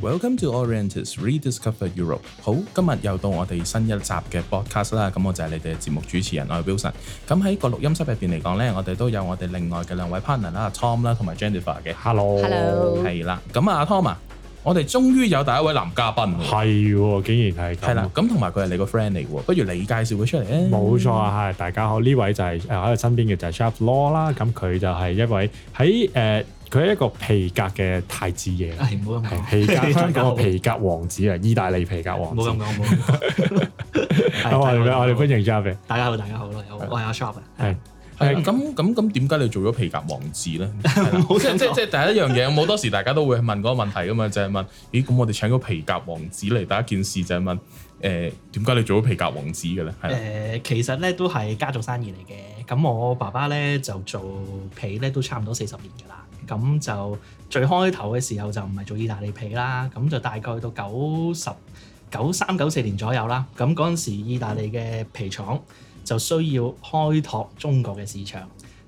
Welcome to Orientus Rediscover Europe。好，今日又到我哋新一集嘅 podcast 啦。咁我就係你哋嘅節目主持人，我係 Wilson。咁喺個錄音室入邊嚟講咧，我哋都有我哋另外嘅兩位 partner 啦，Tom 啦，同埋 Jennifer 嘅。Hello。Hello。係啦。咁啊，Tom 啊，我哋終於有第一位男嘉賓。係喎、哦，竟然係咁。係啦。咁同埋佢係你個 friend 嚟喎，不如你介紹佢出嚟誒。冇錯啊，係。大家好，呢位就係誒喺度身邊嘅就係 Chef Law 啦。咁佢就係一位喺誒。呃佢係一個皮革嘅太子爺，皮革，一個皮革王子啊！意大利皮革王子，冇咁講冇。我哋我哋歡迎 s h a 大家好，大家好咯，我係阿 Sharper。咁咁咁，點解你做咗皮革王子咧？冇即即第一樣嘢，好多時大家都會問嗰個問題噶嘛，就係問：咦，咁我哋請個皮革王子嚟，第一件事就係問：誒，點解你做咗皮革王子嘅咧？誒，其實咧都係家族生意嚟嘅。咁我爸爸咧就做皮咧都差唔多四十年㗎啦。咁就最開頭嘅時候就唔係做意大利皮啦，咁就大概到九十九三九四年左右啦。咁嗰陣時，意大利嘅皮廠就需要開拓中國嘅市場，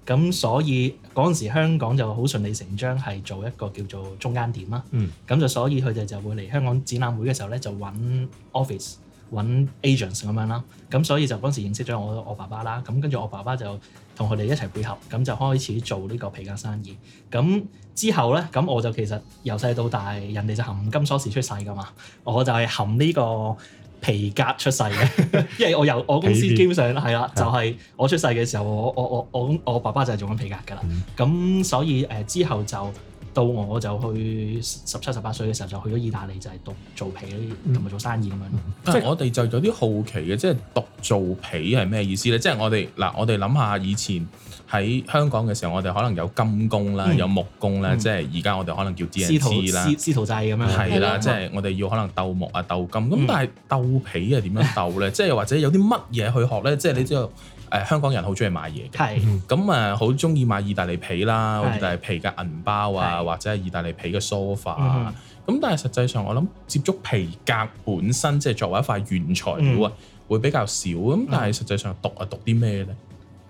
咁所以嗰陣時香港就好順理成章係做一個叫做中間點啦。咁、嗯、就所以佢哋就會嚟香港展覽會嘅時候咧，就揾 office。搵 agents 咁樣啦，咁所以就嗰陣時認識咗我我爸爸啦，咁跟住我爸爸就同佢哋一齊配合，咁就開始做呢個皮革生意。咁之後咧，咁我就其實由細到大，人哋就含金鎖匙出世㗎嘛，我就係含呢個皮革出世嘅， 因為我由我公司基本上係啦皮，就係、係、我出世嘅時候，我我我我我爸爸就係做緊皮革㗎啦。咁、嗯、所以誒之後就。到我就去十七十八歲嘅時候，就去咗意大利，就係讀做皮同埋做生意咁樣。即係我哋就有啲好奇嘅，即係讀做皮係咩意思咧？即係我哋嗱，我哋諗下以前喺香港嘅時候，我哋可能有金工啦，嗯、有木工啦，即係而家我哋可能叫資師啦、師徒制咁一是樣。係啦嗎，即係我哋要可能要鬥木啊、鬥金咁，嗯、但係鬥皮係點樣鬥咧？即係 或者有啲乜嘢去學咧？即、就、係、是、你知道。誒香港人好中意買嘢嘅，咁啊好中意買意大利皮啦，意大利皮嘅銀包啊，或者係意大利皮嘅 sofa 啊。咁但係實際上我諗接觸皮革本身，即係作為一塊原材料啊，會比較少咁。但係實際上讀啊讀啲咩咧？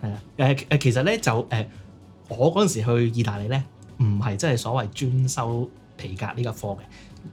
係啊，誒誒其實咧就誒我嗰陣時去意大利咧，唔係真係所謂專修皮革呢個科嘅，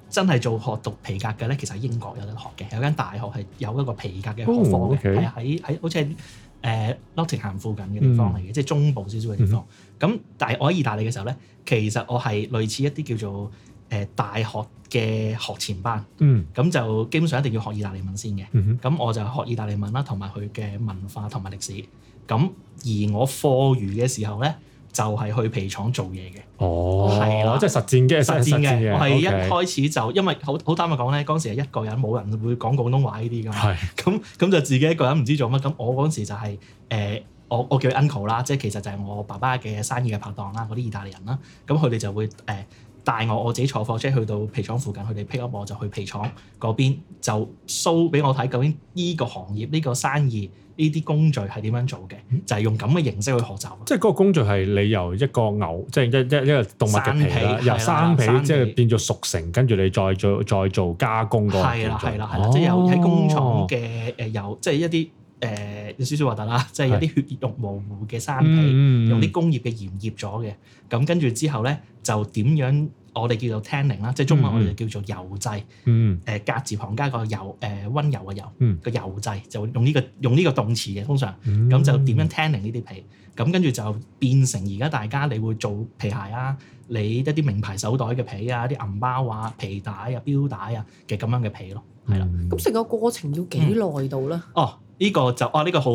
真係做學讀皮革嘅咧，其實喺英國有得學嘅，有間大學係有一個皮革嘅學科嘅，係喺喺好似係。l o 誒諾定咸附近嘅地方嚟嘅，即係中部少少嘅地方。咁但係我喺意大利嘅時候咧，其實我係類似一啲叫做誒、呃、大學嘅學前班。嗯、mm，咁、hmm. 就基本上一定要學意大利文先嘅。咁、mm hmm. 我就學意大利文啦，同埋佢嘅文化同埋歷史。咁而我課餘嘅時候咧，就係去皮廠做嘢嘅，哦，係咯的，即係實戰嘅，實戰嘅。戰我係一開始就 Okay. 因為好好坦白講咧，嗰陣時一個人，冇人會講廣東話呢啲㗎嘛。咁咁是就自己一個人唔知做乜。咁我嗰陣時就係、是、誒、呃，我我叫佢 Uncle 啦，即係其實就係我爸爸嘅生意嘅拍檔啦，嗰啲意大利人啦。咁佢哋就會誒、呃、帶我我自己坐火車去到皮廠附近，佢哋 pick up 我就去皮廠嗰邊就 show 俾我睇究竟呢個行業呢、這個生意。呢啲工序係點樣做嘅？就係、是、用咁嘅形式去學習。即係嗰個工序係你由一個牛，即係一一一個動物嘅皮，生皮由生皮，生皮即係變咗熟成，跟住你再做再做加工個。係啦係啦係啦，哦、即係有喺工廠嘅誒有，即係一啲誒、呃、有少少核突啦，即係一啲血肉模糊嘅生皮，用啲的工業嘅鹽醃咗嘅。咁跟住之後咧，就點樣？我哋叫做 tanning 啦，即係中文我哋就叫做油製，誒革字旁加個柔，誒溫柔嘅柔，個油製、嗯、就用呢、這個用呢個動詞嘅，通常咁、嗯、就點樣 tanning 呢啲皮，咁跟住就變成而家大家你會做皮鞋啊，你一啲名牌手袋嘅皮啊，啲銀包啊、皮帶啊、錶帶啊嘅咁樣嘅皮咯，係啦，咁成個過程要幾耐到咧？哦，呢、這個就哦，呢個好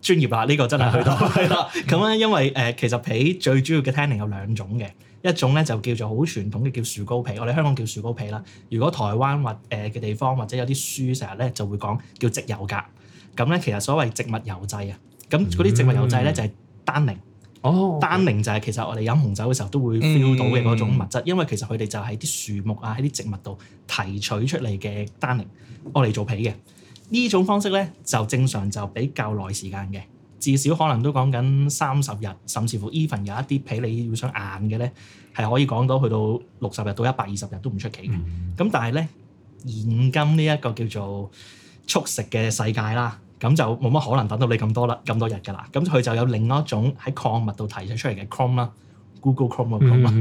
專業啦，呢、這個真係去到係啦，咁咧 因為誒、呃、其實皮最主要嘅 tanning 有兩種嘅。一種咧就叫做好傳統嘅叫樹膏皮，我哋香港叫樹膏皮啦。如果台灣或誒嘅地方或者有啲書成日咧就會講叫植油格。咁咧其實所謂植物油劑啊，咁嗰啲植物油劑咧就係單寧。哦、嗯，單寧就係其實我哋飲紅酒嘅時候都會 feel 到嘅嗰種物質，嗯、因為其實佢哋就係啲樹木啊喺啲植物度提取出嚟嘅單寧，攞嚟做皮嘅呢種方式咧就正常就比較耐時間嘅。至少可能都講緊三十日，甚至乎 even 有一啲俾你要想硬嘅咧，係可以講到去到六十日到一百二十日都唔出奇嘅。咁、嗯、但係咧現今呢一個叫做速食嘅世界啦，咁就冇乜可能等到你咁多啦，咁多日㗎啦。咁佢就有另外一種喺礦物度提取出嚟嘅 chrome 啦。Google Chrome 啊嘛，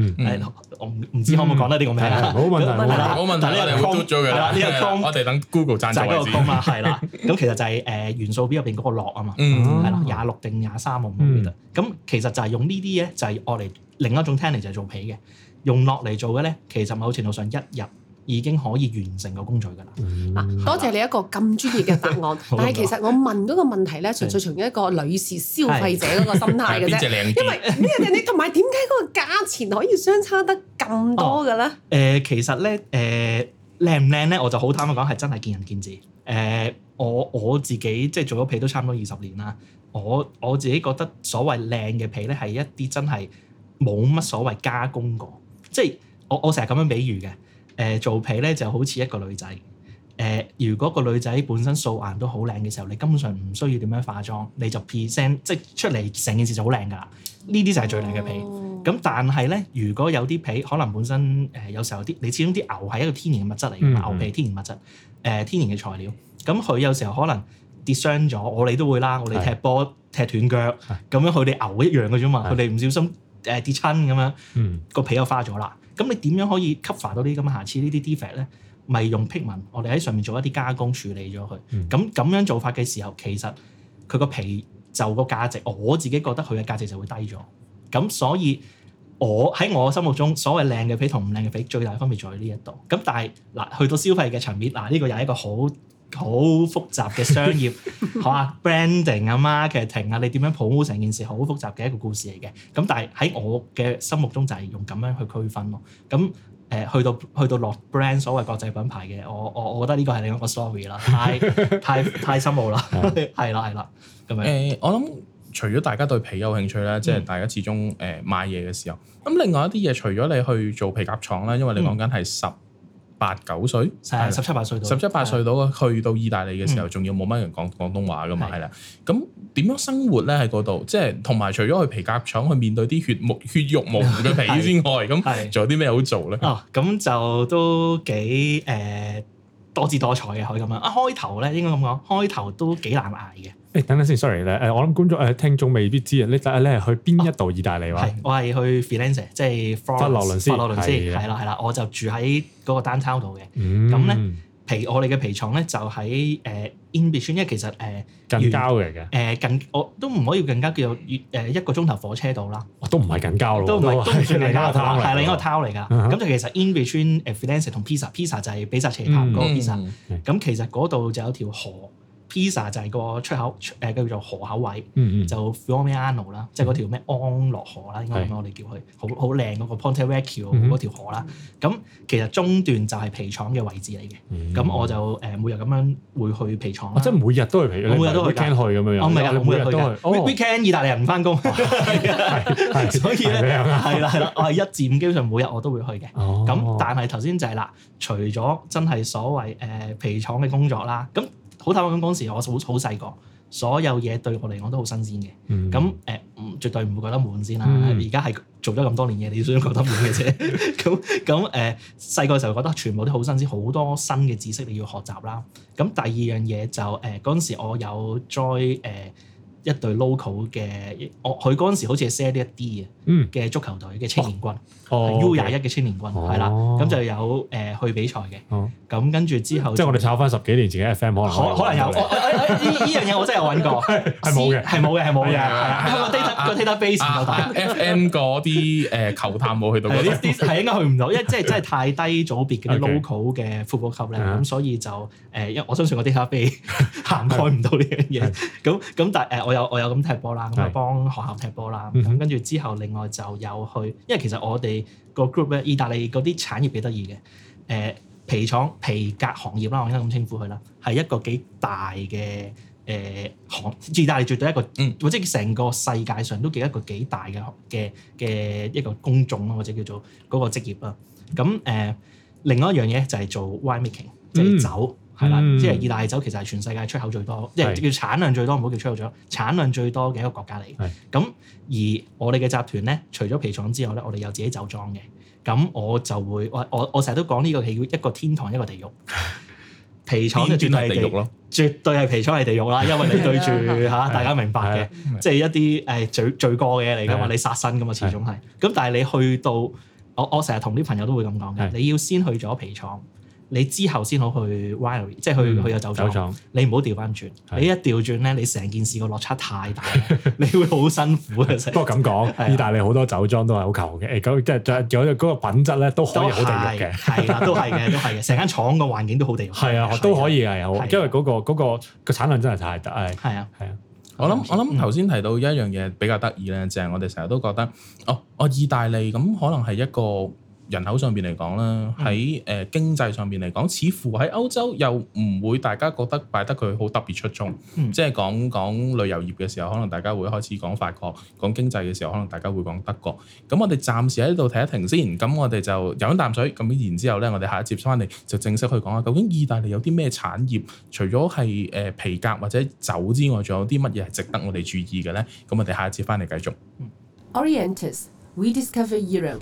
我唔唔知可唔可以講得呢個名，冇好問題，好問題，呢個我哋會嘅。呢個 Chrome 我哋等 Google 贊成先。就嗰個 Chrome 啦，係啦。咁其實就係誒元素表入邊嗰個鉻啊嘛，係啦，廿六定廿三我唔記得。咁其實就係用呢啲咧，就係我嚟另一種 tanning 就係做皮嘅，用鉻嚟做嘅咧，其實某程度上一入。已經可以完成個工序㗎啦。嗱、嗯，多謝你一個咁專業嘅答案。 苦但係其實我問嗰個問題咧，純粹從一個女士消費者嗰個心態嘅啫。 因為咩你同埋點解嗰個價錢可以相差得咁多㗎咧？誒、哦呃，其實咧誒，靚唔靚咧，我就好坦白講係真係見仁見智。誒、呃，我我自己即係做咗皮都差唔多二十年啦。我我自己覺得所謂靚嘅皮咧，係一啲真係冇乜所謂加工過。即係我我成日咁樣比喻嘅。誒、呃、做皮咧就好似一個女仔，誒、呃、如果個女仔本身素顏都好靚嘅時候，你根本上唔需要點樣化妝，你就 present 即係出嚟成件事就好靚噶啦。呢啲就係最靚嘅皮。咁、oh. 但係咧，如果有啲皮可能本身誒、呃、有時候啲，你始終啲牛係一個天然嘅物質嚟嘅、mm hmm. 牛皮天然物質，誒、呃、天然嘅材料。咁佢有時候可能跌傷咗，mm hmm. 我哋都會啦，我哋踢波踢斷腳，咁、mm hmm. 樣佢哋牛一樣嘅啫嘛，佢哋唔小心誒跌親咁樣，個皮就花咗啦。咁你點樣可以 cover 到呢啲咁嘅瑕疵呢啲 defect 咧？咪 用批文，我哋喺上面做一啲加工處理咗佢。咁咁、嗯、樣做法嘅時候，其實佢個皮就個價值，我自己覺得佢嘅價值就會低咗。咁所以我喺我心目中所謂靚嘅皮同唔靚嘅皮最大嘅分別在呢一度。咁但係嗱，去到消費嘅層面，嗱呢、這個又係一個好。好複雜嘅商業， 啊 branding 啊嘛，marketing 啊，你點樣保護成件事好複雜嘅一個故事嚟嘅。咁但係喺我嘅心目中就係用咁樣去區分咯、啊。咁誒、呃、去到去到落 brand 所謂國際品牌嘅，我我我覺得呢個係另一個 story 啦，太 太太，太深奧啦，係啦係啦。咁誒、呃，我諗除咗大家對皮有興趣咧，即、就、係、是、大家始終誒買嘢嘅時候，咁、嗯、另外一啲嘢，除咗你去做皮夾廠咧，因為你講緊係十。八九歲，十七八歲，十七八歲到嘅，去到意大利嘅時候，仲要冇乜人講廣東話㗎嘛，係啦的。咁點的樣生活咧喺嗰度？即係同埋除咗去皮革廠去面對啲血，血肉模糊嘅皮之外，咁仲 的有啲咩好做咧？的哦，咁就都幾誒。呃多姿多彩嘅可以咁樣，一、啊、開頭咧應該咁講，開頭都幾難捱嘅。誒、欸，等等先，sorry 咧，誒，我諗觀眾誒、呃、聽眾未必知啊。你但係你去邊一度意大利話？係、啊，我係去 Florence 即係佛羅倫斯。佛羅倫斯係啦係啦，我就住喺嗰個丹超度嘅，咁咧、嗯、皮我哋嘅皮廠咧就喺誒。呃 In between，因為其實誒、呃、近郊嚟嘅，誒、呃、近我都唔可以更加叫做越一個鐘頭火車到啦，哦，都唔係近郊咯，都唔係都唔算係郊，係另一個 town 嚟㗎。咁、uh huh. 就其實 in between 誒 Florence 同 Pizza，Pizza 就係比薩斜塔嗰個 pizza，mm。咁、hmm. 其實嗰度就有一條河。Pizza 就係個出口誒，叫做河口位，就 f o r m i e a n o 啦，即係嗰條咩安樂河啦，應該咁樣我哋叫佢，好好靚嗰個 Ponte Vecchio 嗰條河啦。咁其實中段就係皮廠嘅位置嚟嘅，咁我就誒每日咁樣會去皮廠，即係每日都去皮，每日都去。We can 去咁樣樣。我唔係啊，每日都去。Weekend 意大利人唔返工，所以咧，係啦係啦，我係一至五基本上每日我都會去嘅。咁但係頭先就係嗱，除咗真係所謂誒皮廠嘅工作啦，咁。好坦白，咁嗰陣時，我好好細個，所有嘢對我嚟講都好新鮮嘅。咁誒、mm hmm. 呃，絕對唔會覺得悶先啦。而家係做咗咁多年嘢，你都覺得悶嘅啫。咁咁誒，細個、呃、時候覺得全部都好新鮮，好多新嘅知識你要學習啦。咁第二樣嘢就誒，嗰、呃、陣時我有 join 誒、呃、一隊 local 嘅，我佢嗰陣時好似係 set 一啲嘅足球隊嘅、mm hmm. 青年軍。Oh. u 廿一嘅青年軍係啦，咁就有誒去比賽嘅，咁跟住之後即係我哋炒翻十幾年前嘅 FM，可能可可能有呢樣嘢，我真係有揾過，係冇嘅，係冇嘅，係冇嘅，個 data 個 data base 唔夠大，FM 嗰啲誒球探冇去到嗰啲，係應該去唔到。因為真係真係太低組別嘅 local 嘅副部級咧，咁所以就誒，因為我相信個 data base 涵蓋唔到呢樣嘢，咁咁但係誒，我有我有咁踢波啦，咁就幫學校踢波啦，咁跟住之後另外就有去，因為其實我哋個 group 咧，意大利嗰啲產業幾得意嘅，誒、呃、皮廠皮革行業啦，我應該咁稱呼佢啦，係一個幾大嘅誒、呃、行，意大利絕對一個，嗯、或者成個世界上都幾一個幾大嘅嘅嘅一個工種啦，或者叫做嗰個職業啦。咁誒、呃，另外一樣嘢就係做 wine making，即係酒。嗯係啦，即係意大利酒其實係全世界出口最多，即係叫產量最多，唔好叫出口最多，產量最多嘅一個國家嚟。咁而我哋嘅集團咧，除咗皮廠之後咧，我哋有自己酒莊嘅。咁我就會，我我我成日都講呢個係叫一個天堂一個地獄，皮廠就絕對係地獄咯，絕對係皮廠係地獄啦，因為你對住嚇大家明白嘅，即係一啲誒罪罪過嘅嘢嚟噶嘛，你殺身噶嘛，始終係。咁但係你去到，我我成日同啲朋友都會咁講嘅，你要先去咗皮廠。你之後先好去 Winery 即係去去有酒莊。你唔好調翻轉，你一調轉咧，你成件事個落差太大，你會好辛苦。不過咁講，意大利好多酒莊都係好求嘅，咁即係有嗰個品質咧都可以好地域嘅。係啦，都係嘅，都係嘅。成間廠個環境都好地域。係啊，都可以啊。因為嗰個嗰個產量真係太大。係啊，係啊。我諗我諗頭先提到一樣嘢比較得意咧，就係我哋成日都覺得，哦哦，意大利咁可能係一個。人口上邊嚟講啦，喺誒、嗯呃、經濟上邊嚟講，似乎喺歐洲又唔會大家覺得擺得佢好特別出眾。嗯、即係講講旅遊業嘅時候，可能大家會開始講法國；講經濟嘅時候，可能大家會講德國。咁我哋暫時喺呢度停一停先。咁我哋就飲啖水。咁然之後呢，我哋下一節翻嚟就正式去講下究竟意大利有啲咩產業？除咗係誒皮革或者酒之外，仲有啲乜嘢係值得我哋注意嘅呢。咁我哋下一節翻嚟繼續。Orientus, we discover Europe.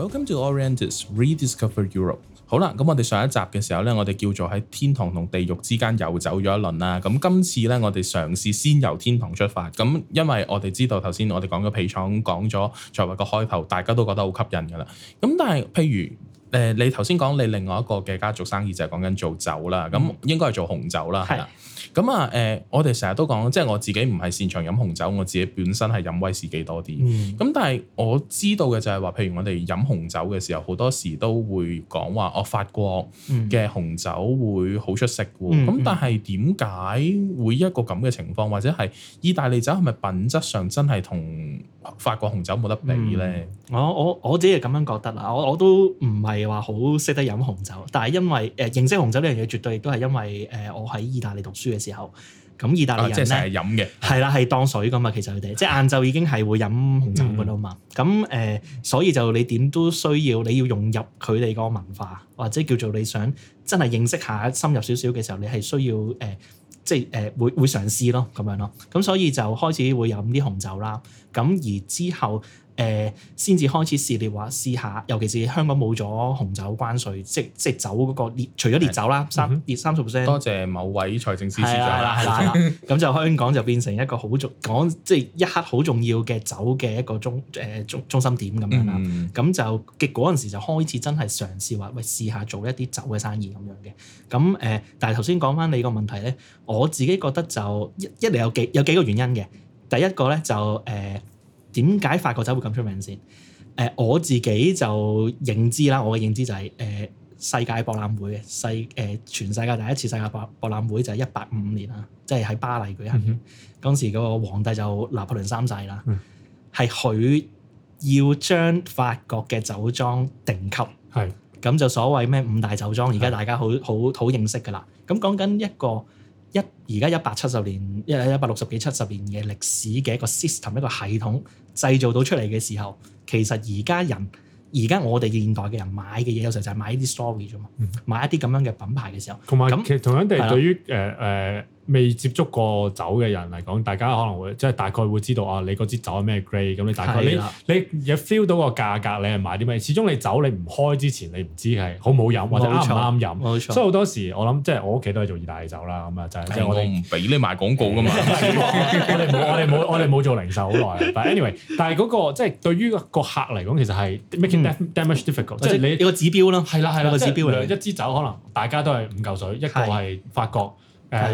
Welcome to Orientus is, Rediscover Europe 好。好啦，咁我哋上一集嘅時候咧，我哋叫做喺天堂同地獄之間遊走咗一輪啦。咁今次咧，我哋嘗試先由天堂出發。咁因為我哋知道頭先我哋講咗皮廠，講咗作為個開頭，大家都覺得好吸引㗎啦。咁但係譬如誒、呃，你頭先講你另外一個嘅家族生意就係講緊做酒啦，咁應該係做紅酒啦。嗯，係。咁啊，誒、呃，我哋成日都講，即係我自己唔係擅長飲紅酒，我自己本身係飲威士忌多啲。咁、嗯、但係我知道嘅就係話，譬如我哋飲紅酒嘅時候，好多時都會講話，哦，法國嘅紅酒會好出色喎。咁、嗯嗯、但係點解會一個咁嘅情況，或者係意大利酒係咪品質上真係同法國紅酒冇得比呢？嗯嗯我我我自己係咁樣覺得啦，我我都唔係話好識得飲紅酒，但係因為誒、呃、認識紅酒呢樣嘢，絕對亦都係因為誒、呃、我喺意大利讀書嘅時候，咁意大利人係飲嘅係啦係當水噶嘛，其實佢哋即係晏晝已經係會飲紅酒噶啦嘛，咁誒、嗯呃、所以就你點都需要你要融入佢哋個文化，或者叫做你想真係認識下深入少少嘅時候，你係需要誒、呃、即係誒、呃、會會嘗試咯咁樣咯，咁所以就開始會飲啲紅酒啦，咁而之後。誒，先至、呃、開始試料話試下，尤其是香港冇咗紅酒關稅，即即酒嗰、那個烈，除咗烈酒啦，的三烈三十 percent。嗯、哼多謝某位財政司司長。係啦係啦係啦咁就香港就變成一個好重講，即一刻好重要嘅酒嘅一個中誒、呃、中中心點咁樣啦。咁、嗯、就結果嗰陣時就開始真係嘗試話，喂試下做一啲酒嘅生意咁樣嘅。咁誒，但係頭先講翻你個問題咧，我自己覺得就一一嚟有幾有幾個原因嘅。第一個咧就誒。點解法國酒會咁出名先？誒、呃、我自己就認知啦，我嘅認知就係、是、誒、呃、世界博覽會，世誒、呃、全世界第一次世界博博覽會就係一八五五年啦，即係喺巴黎舉行。當、嗯、哼時個皇帝就拿破崙三世啦，係佢、嗯、要將法國嘅酒莊定級，係咁、嗯、就所謂咩五大酒莊，而家、嗯、大家好好好認識㗎啦。咁講緊一個一而家一百七十年一一百六十幾七十年嘅歷史嘅一個 system 一個系統。製造到出嚟嘅時候，其實而家人而家我哋現代嘅人買嘅嘢，有時候就係買呢啲 story 啫嘛，買一啲咁樣嘅品牌嘅時候，同埋咁其實同樣地對於誒誒，了未接觸過酒嘅人嚟講，大家可能會即係大概會知道啊，你嗰支酒係咩 grade 咁，你大概你你有 feel 到個價格，你係買啲咩？始終你酒你唔開之前，你唔知係好唔好飲或者啱唔啱飲。所以好多時我諗即係我屋企都係做意大利酒啦，咁啊就係我哋我唔俾你賣廣告㗎嘛。我哋冇我哋冇我哋冇做零售好耐。但係 anyway，但係嗰個即係對於個客嚟講，其實係 making damage difficult，即係你有個指標囉。係啦係啦，個指標嚟。一支酒可能大家都係五嚿水，一個係法國。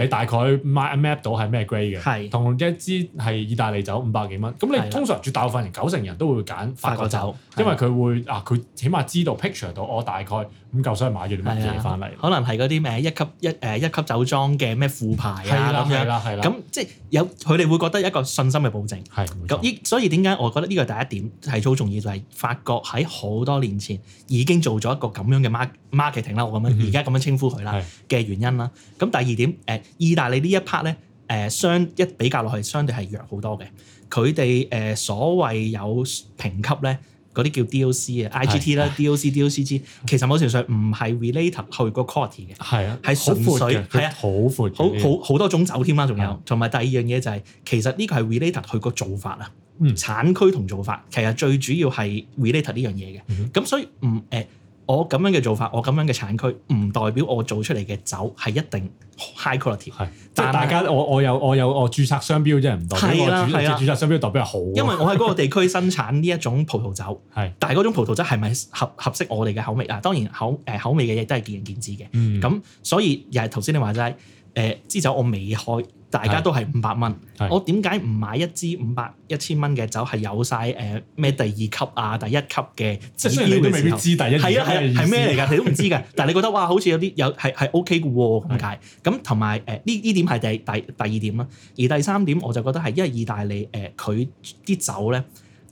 你大概買 Amap 到係咩 grade 嘅的，同一支係意大利酒五百幾蚊。咁你通常絕的大部分人九成人都會揀法國酒，國酒因為佢會的啊佢起碼知道 picture 到我大概咁嚿、嗯、水買咗啲乜嘢翻嚟。可能係嗰啲咩一級一誒一級酒莊嘅咩副牌啊咁樣。咁的即係有佢哋會覺得一個信心嘅保證。係咁，呢所以點解我覺得呢個第一點係好重要，就係、是、法國喺好多年前已經做咗一個咁樣嘅 marketing 啦，我咁樣而家咁樣稱呼佢啦嘅原因啦。咁第二點。誒，意大利一呢一 part 咧，誒相一比較落去，相對係弱好多嘅。佢哋誒所謂有評級咧，嗰啲叫 DOC 嘅，IGT 啦，DOC 的、DOCG，其實某程度上唔係 related 去個 quality 嘅，係的啊，係純水，係啊，好闊，好好好多種酒添啦，仲有。同埋的第二樣嘢就係、是，其實呢個係 related 去個做法啊，嗯、產區同做法，其實最主要係 related 呢樣嘢嘅。咁所以唔誒。我咁樣嘅做法，我咁樣嘅產區，唔代表我做出嚟嘅酒係一定 high quality 是。係是，但係大家，我我有我有我註冊商標真係唔代表我。係我係啊，註冊商標代表係好。因為我喺嗰個地區生產呢一種葡萄酒，係， 但係嗰種葡萄酒係咪合合適我哋嘅口味啊？當然口誒口味嘅嘢都係見仁見智嘅。嗯，咁所以又係頭先你話齋誒，支、呃、酒我未開，大家都係的五百蚊，我點解唔買一支五百一千蚊嘅酒係有晒，誒咩第二級啊，第一級嘅，即係你都未必知第一級係啊係啊係咩嚟㗎？你都唔知㗎， 但係你覺得哇，好似有啲有係係 OK 嘅喎咁解？咁同埋誒呢呢點係第第第二點啦，而第三點我就覺得係因為意大利誒佢啲酒咧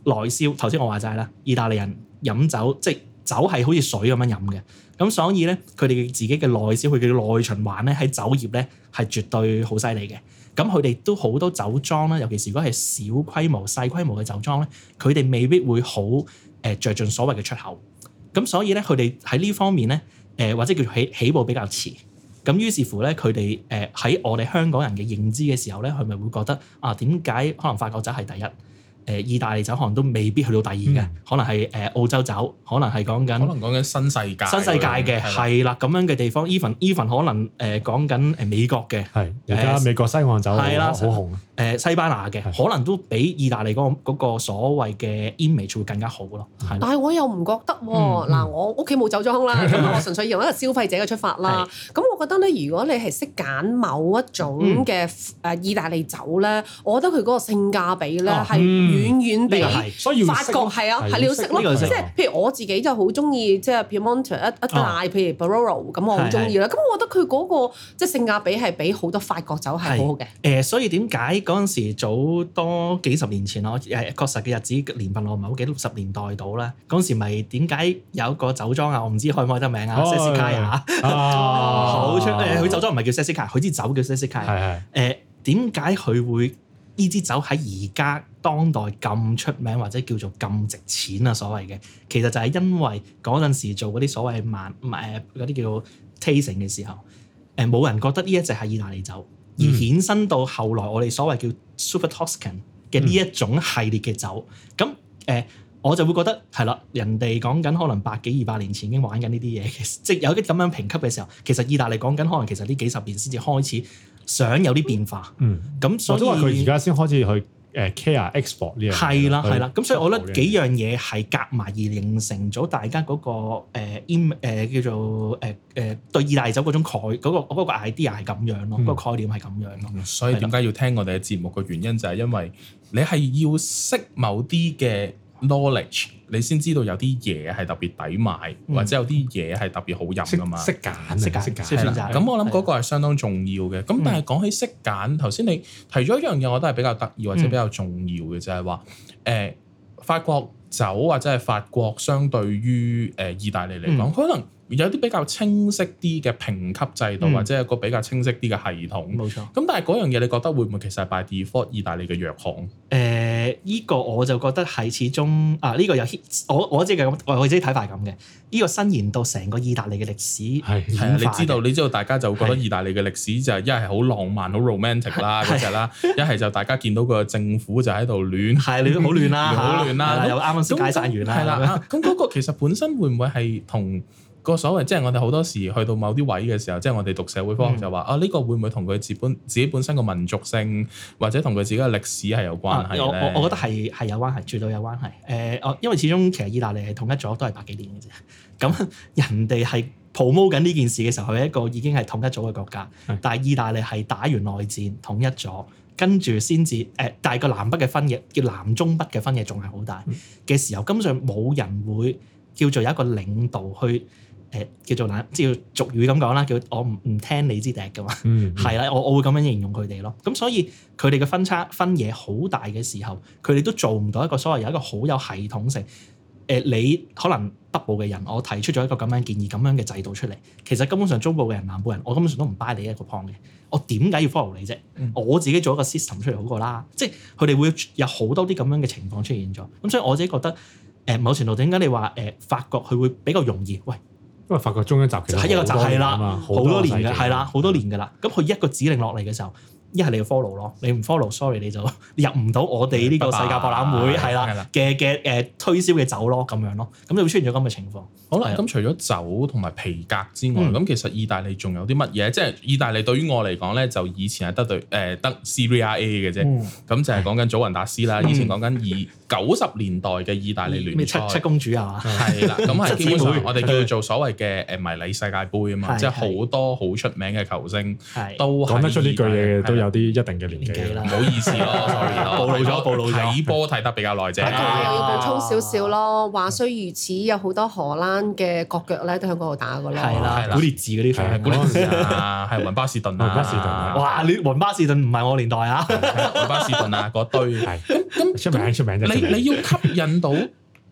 內銷，頭先我話就係啦，意大利人飲酒即係酒係好似水咁樣飲嘅。咁所以咧，佢哋自己嘅內銷，佢哋嘅內循環咧，喺酒業咧係絕對好犀利嘅。咁佢哋都好多酒莊啦，尤其是如果係小規模、細規模嘅酒莊咧，佢哋未必會好誒、呃、著重所謂嘅出口。咁所以咧，佢哋喺呢方面咧，誒、呃、或者叫做起起步比較遲。咁於是乎咧，佢哋誒喺我哋香港人嘅認知嘅時候咧，佢咪會覺得啊，點解可能法國酒係第一？誒，意大利酒可能都未必去到第二嘅，可能係誒澳洲酒，可能係講緊，可能講緊新世界，新世界嘅係啦，咁樣嘅地方，even even 可能誒講緊誒美國嘅，係而家美國西岸酒係好紅，誒西班牙嘅可能都比意大利嗰個嗰個所謂嘅 image 會更加好咯，但係我又唔覺得喎，嗱我屋企冇酒莊啦，咁我純粹用一個消費者嘅出發啦，咁。覺得咧，如果你係識揀某一種嘅誒意大利酒咧，我覺得佢嗰個性價比咧係遠遠比法國係啊，係你要識咯。即係譬如我自己就好中意即係 Piemonte 一帶，譬如 Barolo 咁，我好中意啦。咁我覺得佢嗰個即係性價比係比好多法國酒係好好嘅。誒，所以點解嗰陣時早多幾十年前咯，誒，確實嘅日子年份我唔係好記六十年代到啦。嗰陣時咪點解有一個酒莊啊？我唔知開唔開得名啊 Sassicaia 佢走咗，佢酒莊唔係叫 Sassicaia，佢支酒叫 Sassicaia。係係誒，點解佢會呢支酒喺而家當代咁出名或者叫做咁值錢啊？所謂嘅，其實就係因為嗰陣時做嗰啲所謂慢誒嗰啲叫 tasting 嘅時候，誒、呃、冇人覺得呢一隻係意大利酒，而衍生到後來我哋所謂叫 Super Toscan 嘅呢一種系列嘅酒。咁誒、嗯。嗯我就會覺得係啦，人哋講緊可能百幾二百年前已經玩緊呢啲嘢，即係有啲咁樣評級嘅時候，其實意大利講緊可能其實呢幾十年先至開始想有啲變化。嗯，咁所以佢而家先開始去誒 care export 呢樣嘢。係啦，係啦，咁所以我覺得幾樣嘢係夾埋而形成咗大家嗰、嗰個誒、呃呃、叫做誒誒、呃呃呃呃呃呃、對意大利酒嗰種概嗰、嗰個嗰個 idea 係咁樣咯，嗰個概念係咁樣咯、嗯嗯。所以點解的要聽我哋嘅節目嘅原因就係因為你係要識某啲嘅。Knowledge 你先知道有啲嘢係特別抵買，或者有啲嘢係特別好飲㗎嘛？識識揀，識揀，識揀。咁我諗嗰個係相當重要嘅。咁但係講起識揀，頭先你提咗一樣嘢，我都係比較得意或者比較重要嘅，就係話誒法國酒或者係法國相對於誒意大利嚟講，佢可能有啲比較清晰啲嘅評級制度，或者一個比較清晰啲嘅系統。冇錯。咁但係嗰樣嘢，你覺得會唔會其實係 by default 意大利嘅弱項？誒。呢個我就覺得係始終啊，呢、這個有我我即係咁，我我自己睇法係咁嘅。呢、這個伸延到成個意大利嘅歷史演化，你知道你知道大家就覺得意大利嘅歷史就一係好浪漫好是很 romantic 啦其實啦，一係 就大家見到個政府就喺度亂，係你都好亂啦，好 亂啦，又啱啱先解散完啦。咁嗰就 個其實本身會唔會係同？個所謂即係我哋好多時去到某啲位嘅時候，即係我哋讀社會科就話：嗯、啊呢、呢個會唔會同佢自本自己本身個民族性，或者同佢自己嘅歷史係有關係、嗯、我我我覺得係係有關係，絕對有關係。誒、呃，我因為始終其實意大利係統一咗，都係百幾年嘅啫。咁、嗯嗯、人哋係 promote 緊呢件事嘅時候，佢係一個已經係統一咗嘅國家。但係意大利係打完內戰統一咗，跟住先至誒，但係個南北嘅分野叫南中北嘅分野仲係好大嘅、嗯、時候，根本上冇人會叫做有一個領導去。誒、呃、叫做難，即係俗語咁講啦，叫我唔唔聽你支笛噶嘛，係啦、mm hmm.，我我會咁樣形容佢哋咯。咁所以佢哋嘅分差分野好大嘅時候，佢哋都做唔到一個所謂有一個好有系統性。誒、呃，你可能北部嘅人，我提出咗一個咁樣建議、咁樣嘅制度出嚟，其實根本上中部嘅人、南部人，我根本上都唔 buy 你一個 point 嘅。我點解要 follow 你啫、mm？Hmm. 我自己做一個 system 出嚟好過啦。即係佢哋會有好多啲咁樣嘅情況出現咗。咁所以我自己覺得，誒、呃、某程度點解你話誒、呃、法國佢會比較容易？喂！因為法國中央集團係、啊、一個集團，啦，好多年嘅係啦，好多年嘅啦。咁佢、嗯、一個指令落嚟嘅時候。一係你嘅 follow 咯，你唔 follow，sorry，你就入唔到我哋呢個世界博覽會係啦嘅嘅誒推銷嘅酒咯咁樣咯，咁就會出現咗咁嘅情況。好啦，咁除咗酒同埋皮革之外，咁其實意大利仲有啲乜嘢？即係意大利對於我嚟講咧，就以前係得對誒得 Serie A 嘅啫，咁就係講緊祖雲達斯啦。以前講緊二九十年代嘅意大利聯賽，七七公主啊？係啦，咁係基本我哋叫做所謂嘅誒迷你世界盃啊嘛，即係好多好出名嘅球星都講得出呢句嘢有啲一定嘅年紀啦，唔好意思咯，暴露咗，暴露咗睇波睇得比較耐啫。不過要補充少少咯。話雖如此，有好多荷蘭嘅角腳咧都喺嗰度打過啦。係啦，古列治嗰啲係係雲巴士頓啊，雲巴士頓啊，哇！你雲巴士頓唔係我年代啊，雲巴士頓啊嗰堆係咁出名出名，你你要吸引到。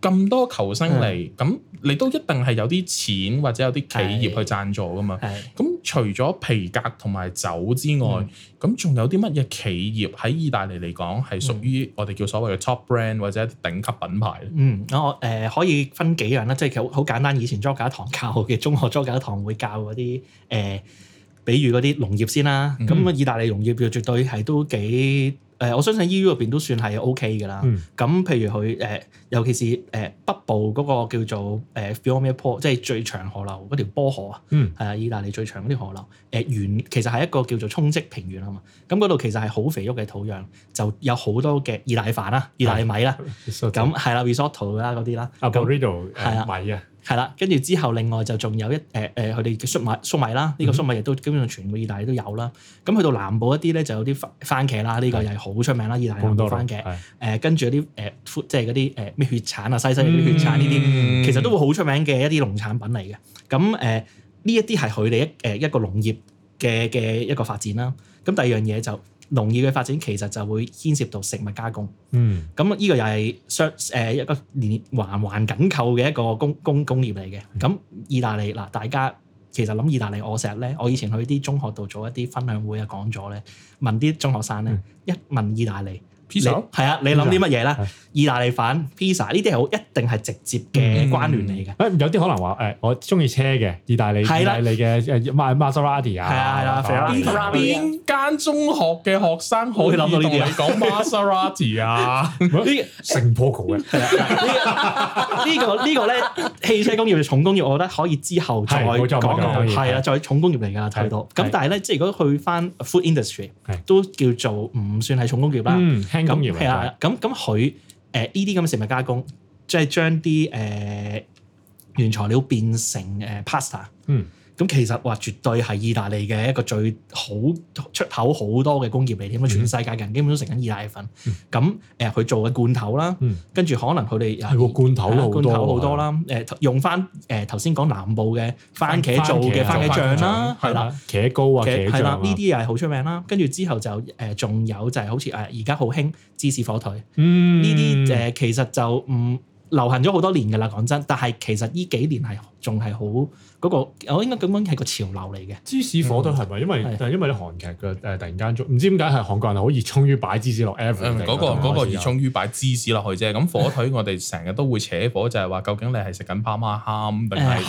咁多球星嚟，咁是的 你都一定係有啲錢或者有啲企業去贊助噶嘛？咁是的 除咗皮革同埋酒之外，咁仲、嗯、有啲乜嘢企業喺意大利嚟講係屬於我哋叫所謂嘅 top brand 或者頂級品牌咧？嗯，我誒、呃、可以分幾樣啦，即係其實好簡單。以前宗教堂教嘅中學宗教堂會教嗰啲誒，比如嗰啲農業先啦。咁、嗯、意大利農業又絕對係都幾。誒，我相信 EU 入邊都算係 OK 嘅啦。咁、嗯，譬如佢誒，尤其是誒北部嗰個叫做誒 Fiume Po，r 即係最長河流嗰條波河啊，係、嗯、啊，意大利最長嗰條河流。誒，原其實係一個叫做沖積平原啊嘛。咁嗰度其實係好肥沃嘅土壤，就有好多嘅意大利飯啦、的意大利米啦。咁係啦，risotto 啦嗰啲啦。阿布瑞多啊，uh, 的米啊。係啦，跟住之後，另外就仲有一誒誒，佢哋嘅粟米粟米啦，呢、嗯、個粟米亦都基本上全部意大利都有啦。咁去到南部一啲咧，就有啲番茄啦，呢、嗯、個又係好出名啦，意大利嘅番茄。誒、呃，跟住有啲誒，即係嗰啲誒咩血橙啊，西西里血橙呢啲，嗯、其實都會好出名嘅一啲農產品嚟嘅。咁誒，呢一啲係佢哋一誒一個農業嘅嘅一個發展啦。咁第二樣嘢就。農業嘅發展其實就會牽涉到食物加工，咁呢、嗯、個又係誒一個連環環緊扣嘅一個工工工業嚟嘅。咁、嗯、意大利嗱，大家其實諗意大利，我成日咧，我以前去啲中學度做一啲分享會啊，講咗咧，問啲中學生咧，嗯、一問意大利。pizza 係啊，你諗啲乜嘢咧？意大利飯、pizza 呢啲係好一定係直接嘅關聯嚟嘅。誒有啲可能話誒，我中意車嘅意大利意大利嘅誒馬馬莎拉蒂啊，係啊係啊，邊邊間中學嘅學生可以諗到呢啲啊？講馬莎拉蒂啊，呢成破局嘅。呢個呢個咧汽車工業嘅重工業，我覺得可以之後再講嘅。係啊，再重工業嚟㗎睇到。咁但係咧，即係如果去翻 food industry 都叫做唔算係重工業啦。咁係啊，咁咁佢誒呢啲咁嘅食物加工，即係將啲誒原材料變成誒 pasta。嗯。咁其實話絕對係意大利嘅一個最好出口好多嘅工業嚟添，全世界人基本都食緊意大利粉。咁誒佢做嘅罐頭啦，嗯、跟住可能佢哋係個罐頭罐頭好多啦。誒的用翻誒頭先講南部嘅番茄做嘅番茄醬啦，係啦，茄膏啊，係啦，呢啲又係好出名啦。跟住之後就誒仲有就係好似誒而家好興芝士火腿，呢啲誒其實就唔流行咗好多年㗎啦。講真，但係其實呢幾年係。仲係好嗰個，我應該咁講係個潮流嚟嘅。芝士火腿係咪因為因為啲韓劇嘅，誒突然間唔知點解係韓國人好熱衷於擺芝士落 every 嗰個嗰個熱衷於擺芝士落去啫。咁火腿我哋成日都會扯火，就係話究竟你係食緊帕馬哈姆定係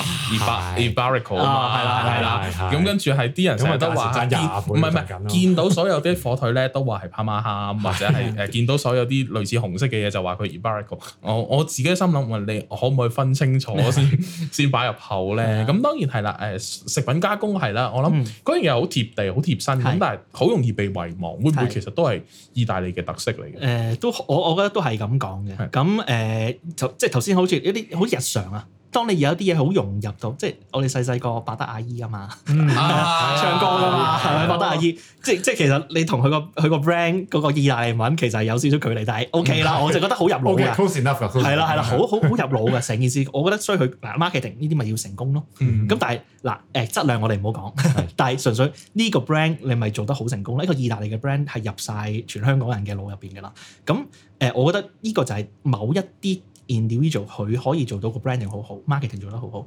ibarico？係啦係啦，咁跟住係啲人成日都話唔係唔係見到所有啲火腿咧都話係帕馬哈姆或者係誒見到所有啲類似紅色嘅嘢就話佢 ibarico。我我自己心諗問你可唔可以分清楚先先擺？入口咧，咁、嗯、當然係啦。誒，食品加工係啦，我諗嗰樣嘢好貼地、好貼身，咁是但係好容易被遺忘。是會唔會其實都係意大利嘅特色嚟嘅？誒、呃，都我我覺得都係咁講嘅。咁誒是、呃，就即係頭先好似一啲好日常啊。當你有一啲嘢好融入到，即係我哋細細個百德阿姨啊嘛，嗯、 唱歌啊咯嘛，係咪百德阿姨？吧阿姨即係 即係其實你同佢個佢個 brand 嗰個意大利文其實係有少少距離，但係 OK 啦，我就覺得好入 好，好，好入腦嘅係 l 係啦係啦，好好好入腦嘅成件事，我覺得所以佢 marketing 呢啲咪要成功咯，咁、嗯、但係嗱誒質量我哋唔好講， 但係純粹呢個 brand 你咪做得好成功啦，一個意大利嘅 brand 係入晒全香港人嘅腦入邊嘅啦，咁誒、呃、我覺得呢個就係某一啲。Individual 佢可以做到個 branding 好好，marketing 做得好好，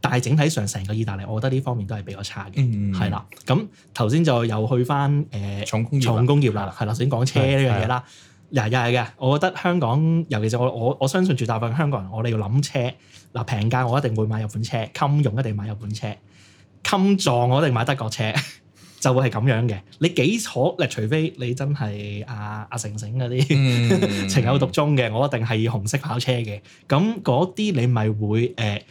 但係整體上成個意大利，我覺得呢方面都係比較差嘅，係啦、嗯嗯嗯。咁頭先就又去翻誒重工業重工業啦，係啦，先講車呢樣嘢啦，又係嘅。我覺得香港，尤其是我我我相信絕大部分香港人，我哋要諗車嗱平價，我一定會買日本車，襟用一定買日本車，襟撞我一定買德國車。 就會係咁樣嘅，你幾可咧？除非你真係阿阿成成嗰啲情有獨鍾嘅，我一定係紅色跑車嘅。咁嗰啲你咪會誒、呃、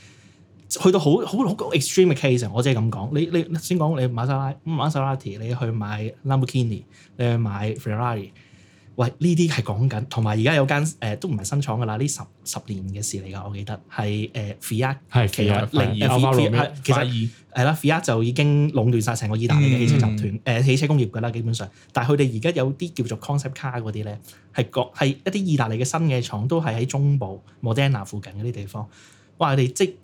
去到好好好 extreme 嘅 case，我只係咁講。你你先講你馬莎拉馬莎拉蒂，你去買 Lamborghini，你去買 Ferrari。喂，呢啲係講緊，同埋而家有間誒都唔係新廠㗎啦，呢十十年嘅事嚟㗎，我記得係誒菲亞，係菲亞，零二菲亞其實係啦，菲亞就已經壟斷晒成個意大利嘅汽車集團，誒汽車工業㗎啦，基本上。但係佢哋而家有啲叫做 concept car 嗰啲咧，係個係一啲意大利嘅新嘅廠，都係喺中部 Modena 附近嗰啲地方。哇！佢哋即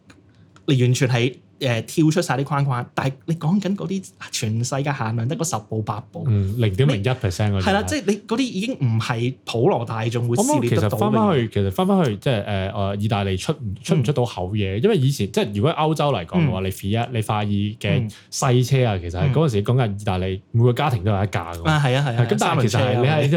係完全係。誒跳出晒啲框框，但係你講緊嗰啲全世界限量得嗰十部八部，零點零一 percent 嗰啲，係啦，即係你嗰啲已經唔係普羅大眾會涉獵得到嘅。咁其實翻翻去，其實翻翻去即係誒誒，意大利出出唔出到口嘢？因為以前即係如果歐洲嚟講嘅話，你 Fiat 你化爾嘅細車啊，其實係嗰陣時講緊意大利每個家庭都有一架㗎嘛。係啊係啊。咁但係其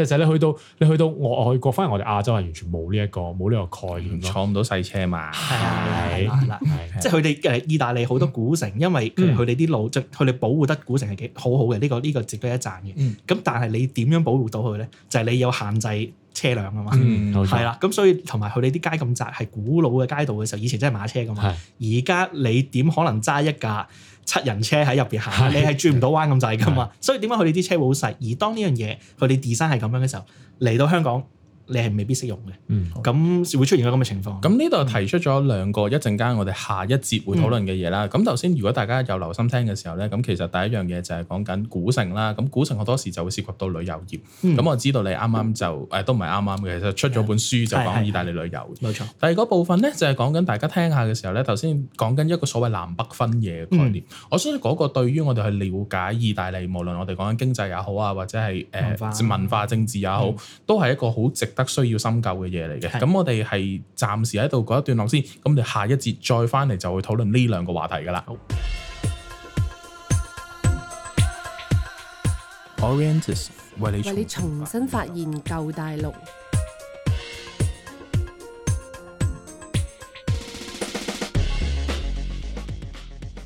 實你去到你去到外外國，反而我哋亞洲係完全冇呢一個冇呢個概念坐唔到細車啊嘛。係係係啦。即係佢哋誒意大利好。好多古城，因為佢哋啲路，佢哋保護得古城係幾好好嘅，呢個呢個值得一讚嘅。咁、嗯、但係你點樣保護到佢咧？就係、是、你有限制車輛啊嘛，係啦。咁所以同埋佢哋啲街咁窄，係古老嘅街道嘅時候，以前真係馬車噶嘛。而家的你點可能揸一架七人車喺入邊行？你係轉唔到彎咁滯噶嘛？的所以點解佢哋啲車會好細？而當呢樣嘢佢哋 design 係咁樣嘅時候，嚟到香港，你係未必適用嘅，咁是會出現咗咁嘅情況。咁呢度提出咗兩個一陣間我哋下一節會討論嘅嘢啦。咁頭先如果大家有留心聽嘅時候呢，咁其實第一樣嘢就係講緊古城啦。咁古城好多時就會涉及到旅遊業。咁我知道你啱啱就誒都唔係啱啱嘅，其實出咗本書就講意大利旅遊。冇錯。第二個部分呢，就係講緊大家聽下嘅時候呢。頭先講緊一個所謂南北分野嘅概念。我相信嗰個對於我哋去了解意大利，無論我哋講緊經濟也好啊，或者係誒文化政治也好，都係一個好值得。得需要深究嘅嘢嚟嘅，咁是我哋係暫時喺度講一段落先，咁我哋下一節再翻嚟就會討論呢兩個話題噶啦。Orientus 為好你重新發現舊大陸。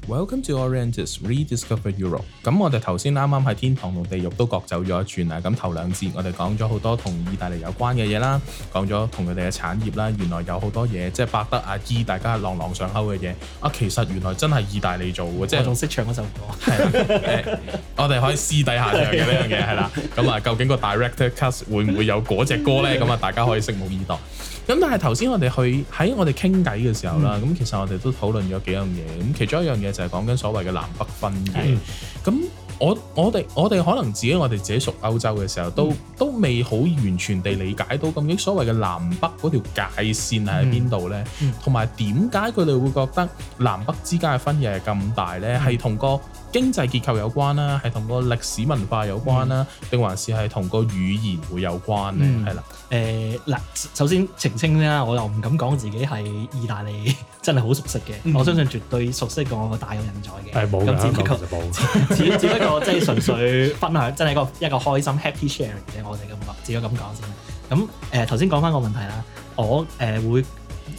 Welcome to Oriental is, Rediscovered Europe。咁我哋頭先啱啱喺天堂同地獄都各走咗一轉啦。咁頭兩節我哋講咗好多同意大利有關嘅嘢啦，講咗同佢哋嘅產業啦。原來有好多嘢即係百得阿姨大家朗朗上口嘅嘢啊，其實原來真係意大利做嘅，即係仲識唱嗰首歌。係， 我哋可以私底下唱嘅呢樣嘢係啦。咁啊， 究竟個 Director Cast 會唔會有嗰隻歌咧？咁啊，大家可以拭目以待。咁但係頭先我哋去喺我哋傾偈嘅時候啦，咁、嗯、其實我哋都討論咗幾樣嘢。咁其中一樣嘢，就係講緊所謂嘅南北分野，咁、嗯、我我哋我哋可能自己我哋自己屬歐洲嘅時候，都、嗯、都未好完全地理解到究竟所謂嘅南北嗰條界線係喺邊度呢？同埋點解佢哋會覺得南北之間嘅分野係咁大呢？係同、嗯、個。經濟結構有關啦，係同個歷史文化有關啦，定、嗯、還是係同個語言會有關咧？係啦、嗯，誒嗱的、呃，首先澄清先啦，我又唔敢講自己係意大利 真係好熟悉嘅，嗯、我相信絕對熟悉過我大有人在嘅。係冇嘅，咁、嗯、只不過 只，只，只，只不過即係純粹分享，真係一個 一個開心 happy sharing 嘅，我哋咁講，只不過咁講先。咁誒頭先講翻個問題啦，我誒會、呃、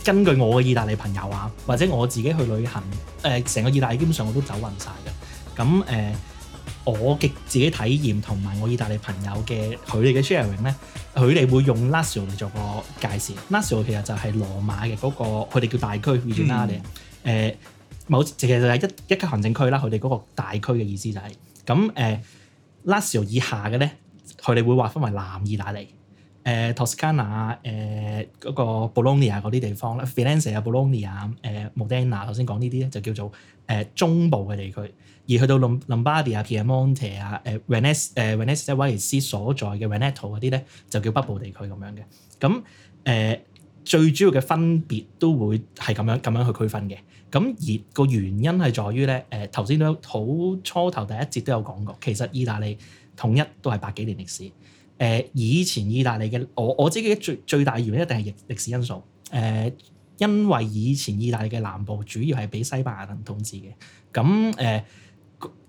根據我嘅意大利朋友啊，或者我自己去旅行誒，成個意大利基本上我都走勻晒嘅。咁誒、呃，我嘅自己體驗同埋我意大利朋友嘅佢哋嘅 sharing 咧，佢哋會用 Lazio 嚟做個介紹。Lazio 其實就係羅馬嘅嗰、那個，佢哋叫大區，義大利誒，某其實就係一一級行政區啦。佢哋嗰個大區嘅意思就係咁誒。Lazio、嗯呃、以下嘅咧，佢哋會劃分為南義大利，誒 Toscana 啊，誒嗰、呃那個 Bologna 嗰啲地方啦 Florence 啊，Bologna 誒 Modena，頭先講呢啲咧就叫做誒中部嘅地區。呃而去到林巴迪啊、皮埃蒙特啊、誒威尼斯、誒威尼斯在威尼斯所在嘅威尼托嗰啲咧，就叫北部地區咁樣嘅。咁誒、呃、最主要嘅分別都會係咁樣咁樣去區分嘅。咁而個原因係在於咧，誒頭先都好初頭第一節都有講過，其實意大利統一都係百幾年歷史。誒、呃、以前意大利嘅我我自己最最大原因一定係歷史因素。誒、呃、因為以前意大利嘅南部主要係俾西班牙人統治嘅。咁誒。呃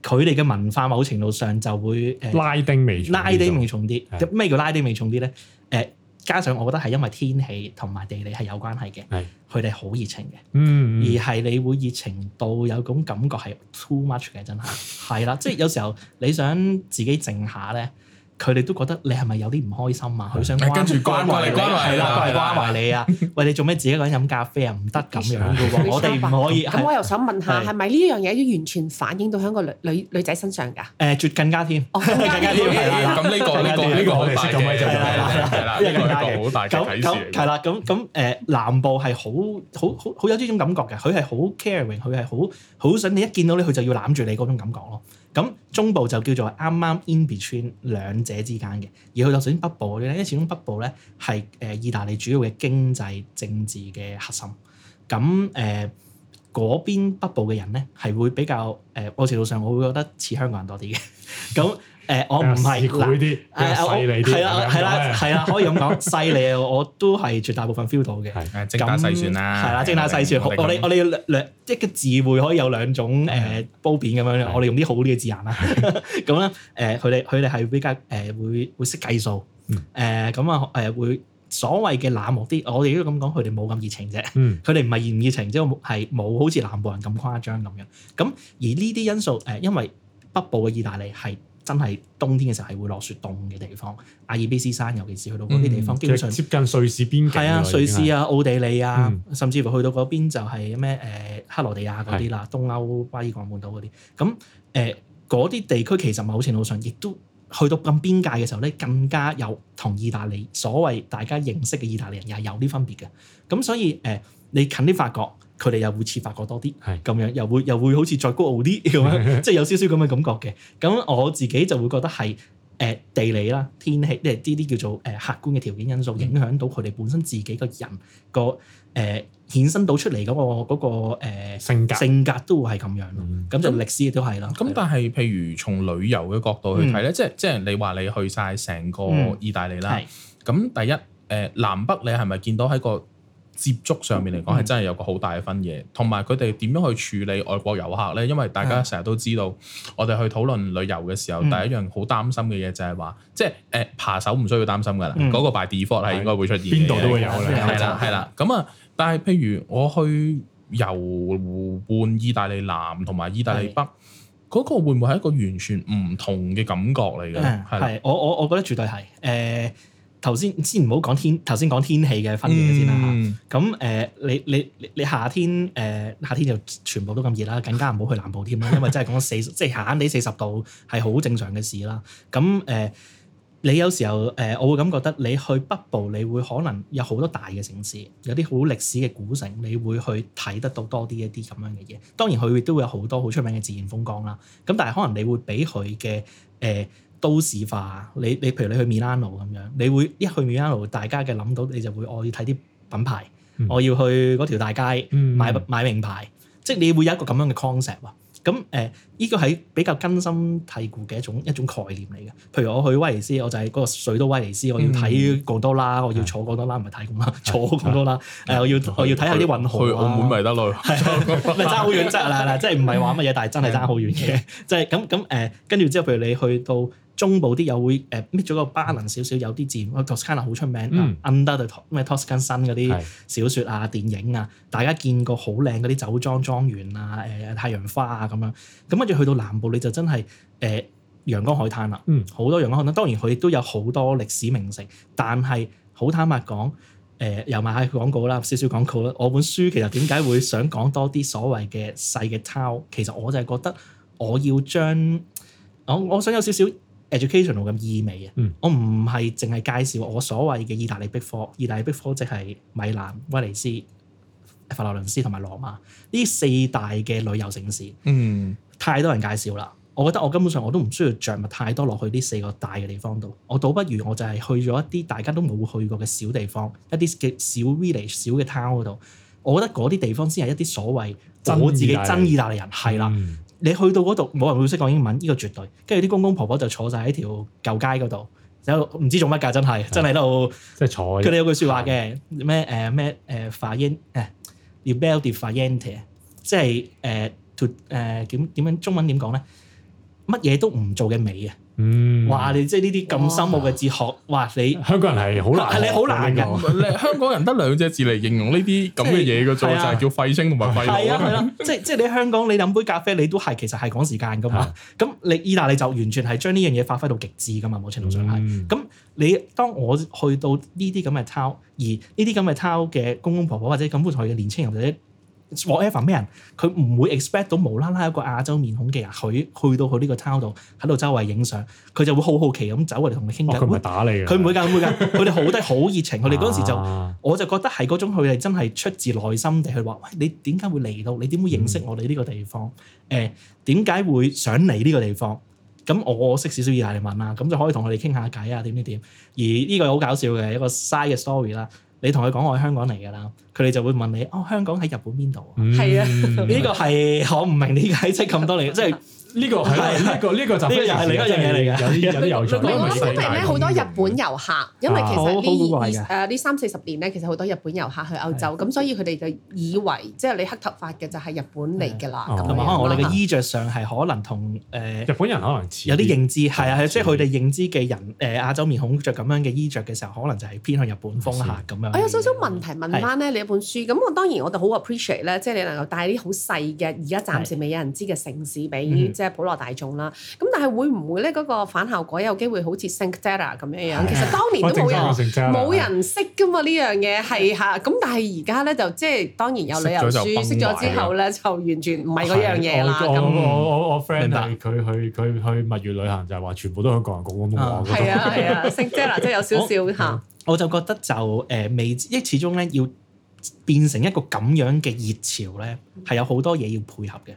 佢哋嘅文化某程度上就會誒、呃、拉丁味拉丁味重啲，咩的叫拉丁味重啲咧？誒、呃，加上我覺得係因為天氣同埋地理係有關係嘅，係佢哋好熱情嘅，嗯的，而係你會熱情到有種感覺係 too much 嘅，真係係啦，即係、 就是、有時候你想自己靜下咧。佢哋都覺得你係咪有啲唔開心啊？佢想關，跟住關懷你，關懷你，係啦，關懷你啊！喂，你做咩自己一個人飲咖啡啊？唔得咁樣噶喎，我哋唔可以。咁我又想問下，係咪呢樣嘢已經完全反映到喺個女女女仔身上噶？誒，絕更加添，更加添，係啦。咁呢個呢個呢個好大，咁樣嘅，係啦，係啦，係啦，呢個好大睇住。咁咁係啦，咁南部係好好好好有呢種感覺嘅，佢係好 caring，佢係好好想你一見到你，佢就要攬住你嗰種感覺咯。咁中部就叫做啱啱 in between 兩者之間嘅，而佢頭先北部咧，因為始終北部咧係誒意大利主要嘅經濟政治嘅核心，咁誒嗰邊北部嘅人咧係會比較誒，某、呃、程度上我會覺得似香港人多啲嘅，咁。 誒，我唔係犀利啲，係啦，係啦，係啦，可以咁講，犀利啊，我都係絕大部分 feel 到嘅。係精打細算啦，係啦，精打細算。我哋我哋兩即係個字彙可以有兩種誒褒貶咁樣。我哋用啲好啲嘅字眼啦，咁啦誒，佢哋佢哋係比較誒會會識計數，誒咁啊誒會所謂嘅冷漠啲。我哋都咁講，佢哋冇咁熱情啫。佢哋唔係熱唔熱情，即係冇冇好似南部人咁誇張咁樣。咁而呢啲因素誒，因為北部嘅意大利係，真係冬天嘅時候係會落雪凍嘅地方，阿爾卑斯山，尤其是去到嗰啲地方，嗯、經常接近瑞士邊境，係啊，瑞士啊、奧地利啊，嗯、甚至乎去到嗰邊就係咩誒克羅地亞嗰啲啦，是東歐巴爾干半島嗰啲，咁誒嗰啲地區其實某程度上，亦都去到咁邊界嘅時候咧，更加有同意大利所謂大家認識嘅意大利人也有啲分別嘅，咁所以誒、呃、你近啲法國。佢哋又會似法國多啲，係咁樣又會又會好似再高傲啲咁樣，即係有少少咁嘅感覺嘅。咁我自己就會覺得係誒地理啦、天氣，即係呢啲叫做誒客觀嘅條件因素，影響到佢哋本身自己個人個誒衍生到出嚟嗰個嗰個誒性格，性格都係咁樣。咁就歷史都係咯。咁但係譬如從旅遊嘅角度去睇咧，即係即係你話你去晒成個意大利啦，咁第一誒南北你係咪見到喺個？接觸上面嚟講係真係有個好大嘅分野，同埋佢哋點樣去處理外國遊客呢？因為大家成日都知道，我哋去討論旅遊嘅時候，第一樣好擔心嘅嘢就係話，即係誒扒手唔需要擔心㗎啦，嗰、嗯、個 by default 係應該會出現，邊度都會有嘅，係啦係啦。咁啊，但係譬如我去遊湖畔意大利南同埋意大利北，嗰個會唔會係一個完全唔同嘅感覺嚟嘅？係我我我覺得絕對係誒。呃頭先先唔好講天，頭先講天氣嘅分野先啦，咁誒，你你你，你夏天誒、呃、夏天就全部都咁熱啦，更加唔好去南部添啦，因為真係講四 即係夏天四十度係好正常嘅事啦。咁、嗯、誒、呃，你有時候誒、呃，我會咁覺得你去北部，你會可能有好多大嘅城市，有啲好歷史嘅古城，你會去睇得到多啲一啲咁樣嘅嘢。當然佢亦都會有好多好出名嘅自然風光啦。咁但係可能你會俾佢嘅誒。呃都市化，你你譬如你去 Milano 咁樣，你會一去 Milano，大家嘅諗到你就會我要睇啲品牌，我要去嗰條大街買買名牌，即係你會有一個咁樣嘅 concept。咁誒，呢個係比較根深蒂固嘅一種一種概念嚟嘅。譬如我去威尼斯，我就係嗰個水都威尼斯，我要睇過多啦，我要坐過多啦，唔係睇咁啦，坐過多啦。誒，我要我要睇下啲運河去澳門咪得咯，係啊，爭好遠啫啦即係唔係話乜嘢，但係真係爭好遠嘅，即係咁咁誒。跟住之後，譬如你去到。中部啲又會誒搣咗個巴林少少，有啲字。托斯卡納好出名 under 咩 Tuscan Sun 嗰啲小説啊、是電影啊，大家見過好靚嗰啲酒莊莊園啊、誒、呃、太陽花啊咁樣。咁跟住去到南部，你就真係誒、呃、陽光海灘啦，好、嗯、多陽光海灘。當然佢亦都有好多歷史名城，但係好坦白講，誒、呃、又賣下廣告啦，少少廣告啦。我本書其實點解會想講多啲所謂嘅細嘅抄，其實我就係覺得我要將我、哦、我想有少少，少。educational 咁意味啊！嗯、我唔係淨係介紹我所謂嘅意大利壁科，意大利壁科即係米蘭、威尼斯、佛羅倫斯同埋羅馬呢四大嘅旅遊城市。嗯，太多人介紹啦，我覺得我根本上我都唔需要着墨太多落去呢四個大嘅地方度。我倒不如我就係去咗一啲大家都冇去過嘅小地方，一啲嘅小 village、小嘅 town 度。我覺得嗰啲地方先係一啲所謂我自己真意大利人係啦。的你去到嗰度，冇人會識講英文，呢、呢個絕對。跟住啲公公婆婆婆就坐晒喺條舊街嗰度，就唔知做乜㗎，真係對真係喺度。即係坐。佢哋有句説話嘅，咩誒咩誒，發英誒，要 bel far niente 即係誒 to 誒點點樣中文點講咧？乜嘢都唔做嘅美啊！嗯，話你即係呢啲咁深奧嘅哲學，話哇你香港人係好難，係你好難形容 香港人得兩隻字嚟形容呢啲咁嘅嘢嗰種，就係、是啊、叫廢青同埋廢。係啊，係啦、啊啊啊， 即係即係你香港，你飲杯咖啡，你都係其實係講時間噶嘛。咁、啊、你意大利就完全係將呢樣嘢發揮到極致噶嘛。某程度上係。咁、嗯、你當我去到呢啲咁嘅 town 而呢啲咁嘅 town 嘅公公婆婆，婆或者咁樣嘅年青人，或者 whatever 咩人，佢唔會 expect 到無啦啦一個亞洲面孔嘅人，佢去到佢呢個 town 度喺度周圍影相，佢就會好好奇咁走過嚟同你傾偈。佢唔咪打你佢唔、欸、會㗎，唔會㗎。佢哋好低好熱情。佢哋嗰陣時就，啊、我就覺得係嗰種佢哋真係出自內心地去話，喂、欸，你點解會嚟到？你點會認識我哋呢個地方？誒、嗯，點解、欸、會想嚟呢個地方？咁我識少少意大利文啦，咁就可以同佢哋傾下偈啊，點點點。而呢個好搞笑嘅一個 side 嘅 story 啦。你同佢講我喺香港嚟㗎啦，佢哋就會問你：哦，香港喺日本邊度啊？係啊、嗯，呢 個係我唔明點解即係咁多年即係。 呢個係呢個呢個就，呢又係另一樣嘢嚟嘅。有啲有啲遊説。我諗明咧，好多日本遊客，因為其實啲誒呢三四十年咧，其實好多日本遊客去歐洲，咁所以佢哋就以為，即係你黑頭髮嘅就係日本嚟㗎啦。同埋可能我哋嘅衣着上係可能同誒日本人可能似，有啲認知，係啊，即係佢哋認知嘅人誒亞洲面孔着咁樣嘅衣着嘅時候，可能就係偏向日本風格咁樣。我有少少問題問翻咧，你一本書咁我當然我哋好 appreciate 咧，即係你能夠帶啲好細嘅而家暫時未有人知嘅城市俾。普羅大眾啦，咁但係會唔會咧？嗰個反效果有機會好似 s a 咁樣樣，其實當年都冇人冇人識㗎嘛，呢樣嘢係嚇。咁但係而家咧就即係當然有旅遊書識咗之後咧，就完全唔係嗰樣嘢啦。咁我我我 friend 係佢去去去蜜月旅行，就係話全部都香港人講講東講。係啊係啊 s，即係有少少嚇。我就覺得就誒未，因為始終咧要變成一個咁樣嘅熱潮咧，係有好多嘢要配合嘅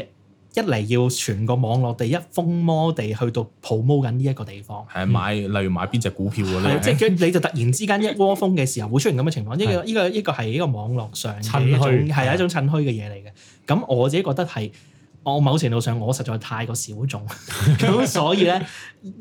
誒。一嚟要全個網絡地一瘋魔地去到 promo 緊呢一個地方，係啊買，例如買邊隻股票嘅咧、啊，即係你就突然之間一窩蜂嘅時候，會出現咁嘅情況。呢、啊、個依個依個係一個網絡上係一種係一種趁虛嘅嘢嚟嘅。咁我自己覺得係，我某程度上我實在太過小眾，咁 所以咧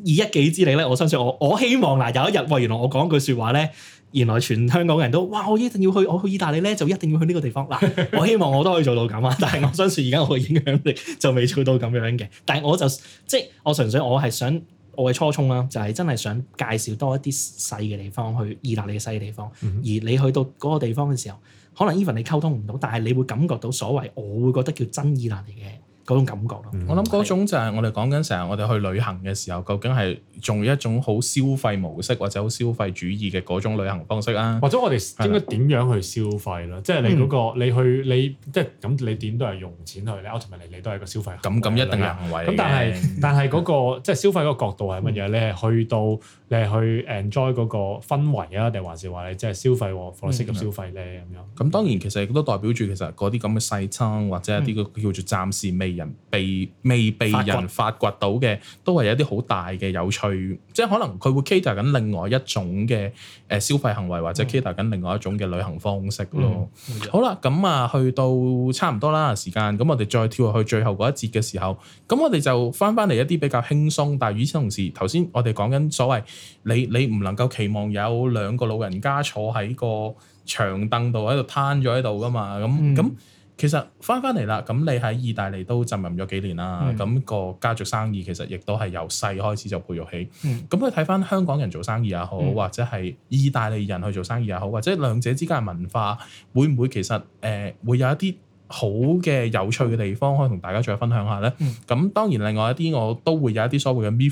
以一己之力咧，我相信我我希望嗱有一日，喂原來我講句説話咧。原來全香港人都哇！我一定要去，我去意大利咧就一定要去呢個地方嗱。我希望我都可以做到咁啊， 但係我相信而家我嘅影響力就未做到咁樣嘅。但係我就即係我純粹我係想我嘅初衷啦，就係真係想介紹多一啲細嘅地方，去意大利嘅細嘅地方。嗯、哼而你去到嗰個地方嘅時候，可能 even 你溝通唔到，但係你會感覺到所謂我會覺得叫真意大利嘅。嗰種感覺咯，我諗嗰種就係我哋講緊成日我哋去旅行嘅時候，究竟係仲一種好消費模式或者好消費主義嘅嗰種旅行方式啊？或者我哋應該點樣去消費咧？即係你嗰個你去你即係咁，你點都係用錢去，你 ultimately 你都係一個消費。咁咁一定係行為。咁但係但係嗰個即係消費嗰個角度係乜嘢？你係去到你係去 enjoy 嗰個氛圍啊，定還是話你即係消費和貨式咁消費咧咁樣？咁當然其實都代表住其實嗰啲咁嘅細餐或者一啲叫做暫時未，人被未被人發掘到嘅，都係一啲好大嘅有趣，即係可能佢會 cater 緊另外一種嘅誒消費行為，或者 cater 緊另外一種嘅旅行方式咯、嗯。好啦，咁啊，去到差唔多啦時間，咁我哋再跳落去最後嗰一節嘅時候，咁我哋就返返嚟一啲比較輕鬆，但係與此同時，頭先我哋講緊所謂你你唔能夠期望有兩個老人家坐喺個長凳度喺度攤咗喺度㗎嘛，咁咁。嗯。其實翻翻嚟啦，咁你喺意大利都浸淫咗幾年啦，咁、嗯、個家族生意其實亦都係由細開始就培育起。咁你睇翻香港人做生意也好，嗯、或者係意大利人去做生意也好，或者兩者之間嘅文化會唔會其實誒、呃、會有一啲好嘅有趣嘅地方，可以同大家再分享下呢？咁、嗯、當然另外一啲我都會有一啲所謂嘅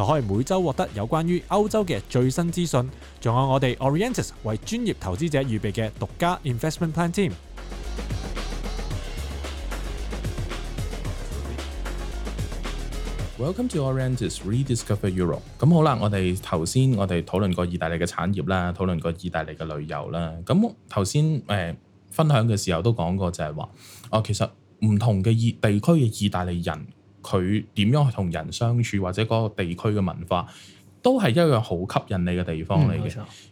就可以每周獲得有關於歐洲嘅最新資訊，仲有我哋 Orientis 為專業投資者預備嘅獨家 Investment Plan Team。Welcome to Orientis, Rediscover Europe。咁好啦，我哋頭先我哋討論過意大利嘅產業啦，討論過意大利嘅旅遊啦。咁頭先誒分享嘅時候都講過就係話，啊、哦、其實唔同嘅意地區嘅意大利人。佢點樣同人相處，或者嗰個地區嘅文化，都係一樣好吸引你嘅地方嚟嘅。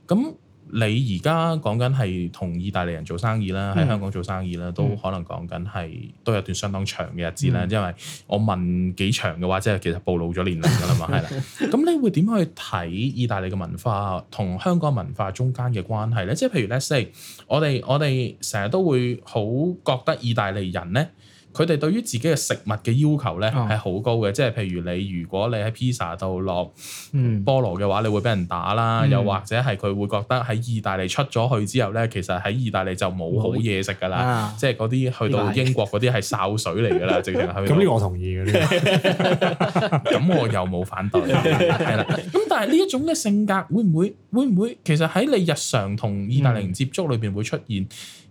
咁、嗯、你而家講緊係同意大利人做生意啦，喺、嗯、香港做生意啦，都可能講緊係都有一段相當長嘅日子啦。嗯、因為我問幾長嘅話，即係其實暴露咗年齡噶啦嘛，係啦。 咁你會點去睇意大利嘅文化同香港文化中間嘅關係呢？即係譬如咧，即係我哋我哋成日都會好覺得意大利人呢。佢哋對於自己嘅食物嘅要求咧係好高嘅，即係譬如你如果你喺 pizza 度落菠蘿嘅話，嗯、你會俾人打啦。又或者係佢會覺得喺意大利出咗去之後咧，其實喺意大利就冇好嘢食噶啦，嗯、即係嗰啲去到英國嗰啲係潲水嚟噶啦，直情係。咁呢個、嗯、我同意嘅，咁 我又冇反對。係啦，咁但係呢一種嘅性格會唔會會唔會其實喺你日常同意大利人接觸裏邊會出現？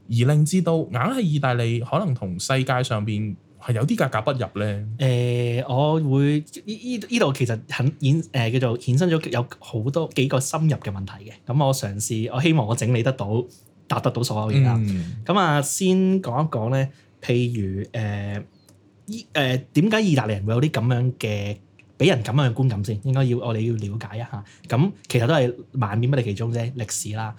而令至道硬係意大利，可能同世界上邊係有啲格格不入咧。誒、呃，我會呢依度其實很顯誒、呃、叫做衍生咗有好多幾個深入嘅問題嘅。咁我嘗試，我希望我整理得到答得到所有嘢啦。咁啊、嗯，先講一講咧，譬如誒依誒點解意大利人會有啲咁樣嘅俾人咁樣嘅觀感先，應該要我哋要了解一下。咁其實都係萬變不離其宗啫，歷史啦。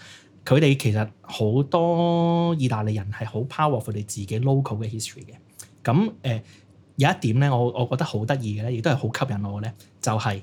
佢哋其實好多意大利人係好 powerful 佢哋自己 local 嘅 history 嘅。咁誒、呃、有一點咧，我我覺得好得意嘅咧，亦都係好吸引我嘅咧，就係、是、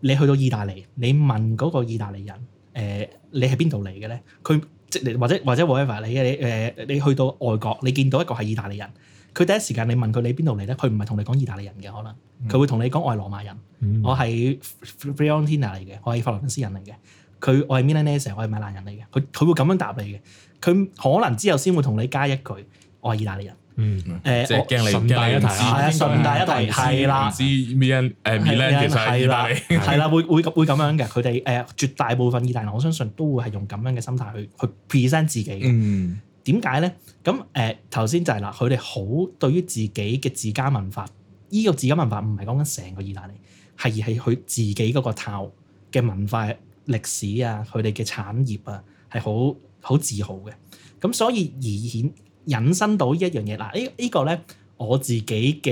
你去到意大利，你問嗰個意大利人誒、呃、你係邊度嚟嘅咧？佢即係或者或者 whatever 你你誒、呃、你去到外國，你見到一個係意大利人，佢第一時間你問佢你邊度嚟咧？佢唔係同你講意大利人嘅，可能，佢會同你講外羅馬人。嗯、我係 Fiorentina 嚟嘅，我係佛羅倫斯人嚟嘅。佢我係 Milanese，我係米蘭人嚟嘅。佢佢會咁樣答你嘅。佢可能之後先會同你加一句：我係意大利人。嗯。誒，順帶一知，順帶一提，係啦。唔知 Milan 誒 Milan 其實係啦，係啦，會會會咁樣嘅。佢哋誒絕大部分意大利人，我相信都會係用咁樣嘅心態去去 present 自己嘅。點解咧？咁誒頭先就係啦，佢哋好對於自己嘅自家文化。依個自家文化唔係講緊成個意大利，係而係佢自己嗰個套嘅文化。歷史啊，佢哋嘅產業啊，係好好自豪嘅。咁所以而顯引申到、這個、呢一樣嘢嗱，呢呢個咧我自己嘅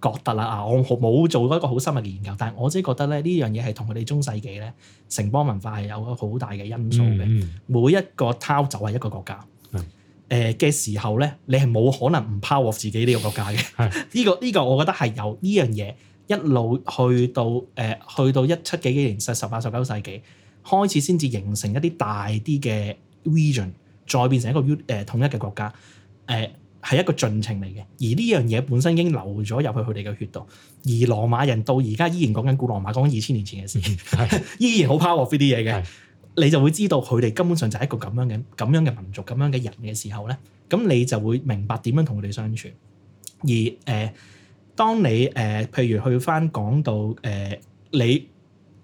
覺得啦啊，我冇做過一個好深入嘅研究，但係我自己覺得咧呢樣嘢係同佢哋中世紀咧城邦文化係有好大嘅因素嘅。嗯嗯每一個 town 就係一個國家，誒嘅、嗯呃、時候咧，你係冇可能唔 power 自己呢個國家嘅。呢個呢個、這個、我覺得係有呢樣嘢。一路去到誒、呃，去到一七幾幾年、十十八、十九世紀開始，先至形成一啲大啲嘅 region，再變成一個 u 誒、呃、統一嘅國家。誒、呃、係一個進程嚟嘅，而呢樣嘢本身已經流咗入去佢哋嘅血度。而羅馬人到而家依然講緊古羅馬，講緊二千年前嘅事， 依然好 powerful 呢啲嘢嘅， 你就會知道佢哋根本上就係一個咁樣嘅、咁樣嘅民族、咁樣嘅人嘅時候咧，咁你就會明白點樣同佢哋相處。而誒。呃當你誒，譬如去翻講到誒你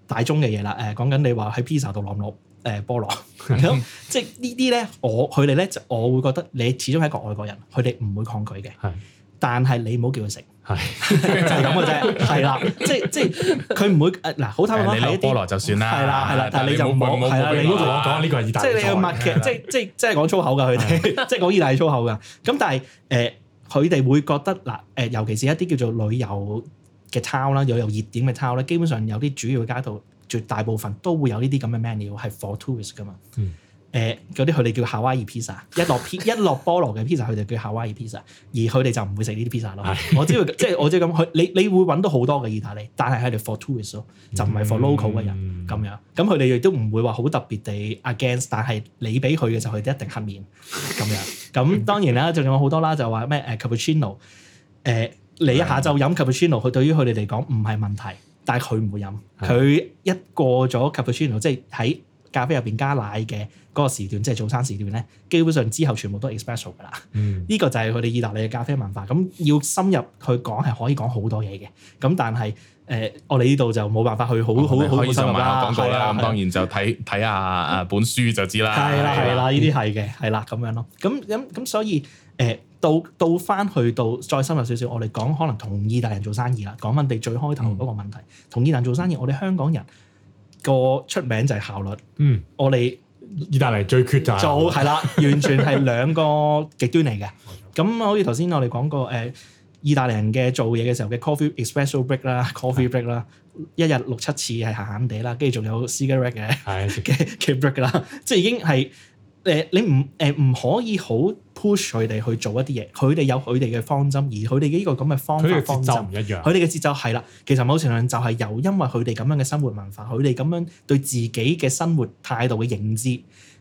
大宗嘅嘢啦，誒講緊你話喺披薩度攞攞誒菠蘿，咁即係呢啲咧，我佢哋咧就我會覺得你始終係一個外國人，佢哋唔會抗拒嘅。係，但係你唔好叫佢食，係就係咁嘅啫。係啦，即即係佢唔會誒嗱，好坦白講，你攞菠蘿就算啦，係啦係啦，但係你就唔係啦，你唔好講講呢個係意大利，即係你去默劇，即即即係講粗口㗎佢哋，即係講意大利粗口㗎。咁但係誒。佢哋會覺得嗱，誒，尤其是一啲叫做旅遊嘅 town 啦，旅遊熱點嘅 town 咧，基本上有啲主要街道，絕大部分都會有呢啲咁嘅 menu 係 for tourists 噶嘛、嗯。誒，嗰啲佢哋叫夏威夷披薩 pizza, 一落 一落菠蘿嘅 pizza，佢哋叫夏威夷披薩而佢哋就唔會食呢啲 pizza 咯 我知道。我知要即係我知咁去，你你會揾到好多嘅意大利，但係係嚟 for tourists 咯，就唔係 for local 嘅人咁、嗯、樣。咁佢哋亦都唔會話好特別地 against，但係你俾佢嘅就佢哋一定黑面咁樣。咁當然啦，仲有好多啦，就話咩誒、啊、cappuccino，誒、呃、你下晝飲 cappuccino，佢、嗯、對，對於佢哋嚟講唔係問題，但係佢唔會飲。佢、嗯、一過咗 cappuccino，即係喺。咖啡入邊加奶嘅嗰個時段，即係早餐時段咧，基本上之後全部都 espresso 㗎啦。呢個就係佢哋意大利嘅咖啡文化。咁要深入去講係可以講好多嘢嘅。咁但係誒，我哋呢度就冇辦法去好好好深入啦。可以唔好賣廣告啦。咁當然就睇睇下本書就知啦。係啦係啦，呢啲係嘅係啦咁樣咯。咁咁咁所以誒，到到翻去到再深入少少，我哋講可能同意大利人做生意啦。講翻哋最開頭嗰個問題，同意大利人做生意，我哋香港人。個出名就係效率。嗯，我哋意大利最缺就係，就係啦，完全係兩個極端嚟嘅。咁 好似頭先我哋講過，誒、呃，意大利人嘅做嘢嘅時候嘅 coffee espresso break 啦，coffee break 啦的，一日六七次係閒閒地啦，跟住仲有 cigarette 嘅嘅的 break 啦，即係已經係誒、呃、你唔誒唔可以好。push 佢哋去做一啲嘢，佢哋有佢哋嘅方針，而佢哋呢個咁嘅方法方針，佢哋嘅節奏唔一樣。佢哋嘅節奏係啦，其實某程度上就係由因為佢哋咁樣嘅生活文化，佢哋咁樣對自己嘅生活態度嘅認知，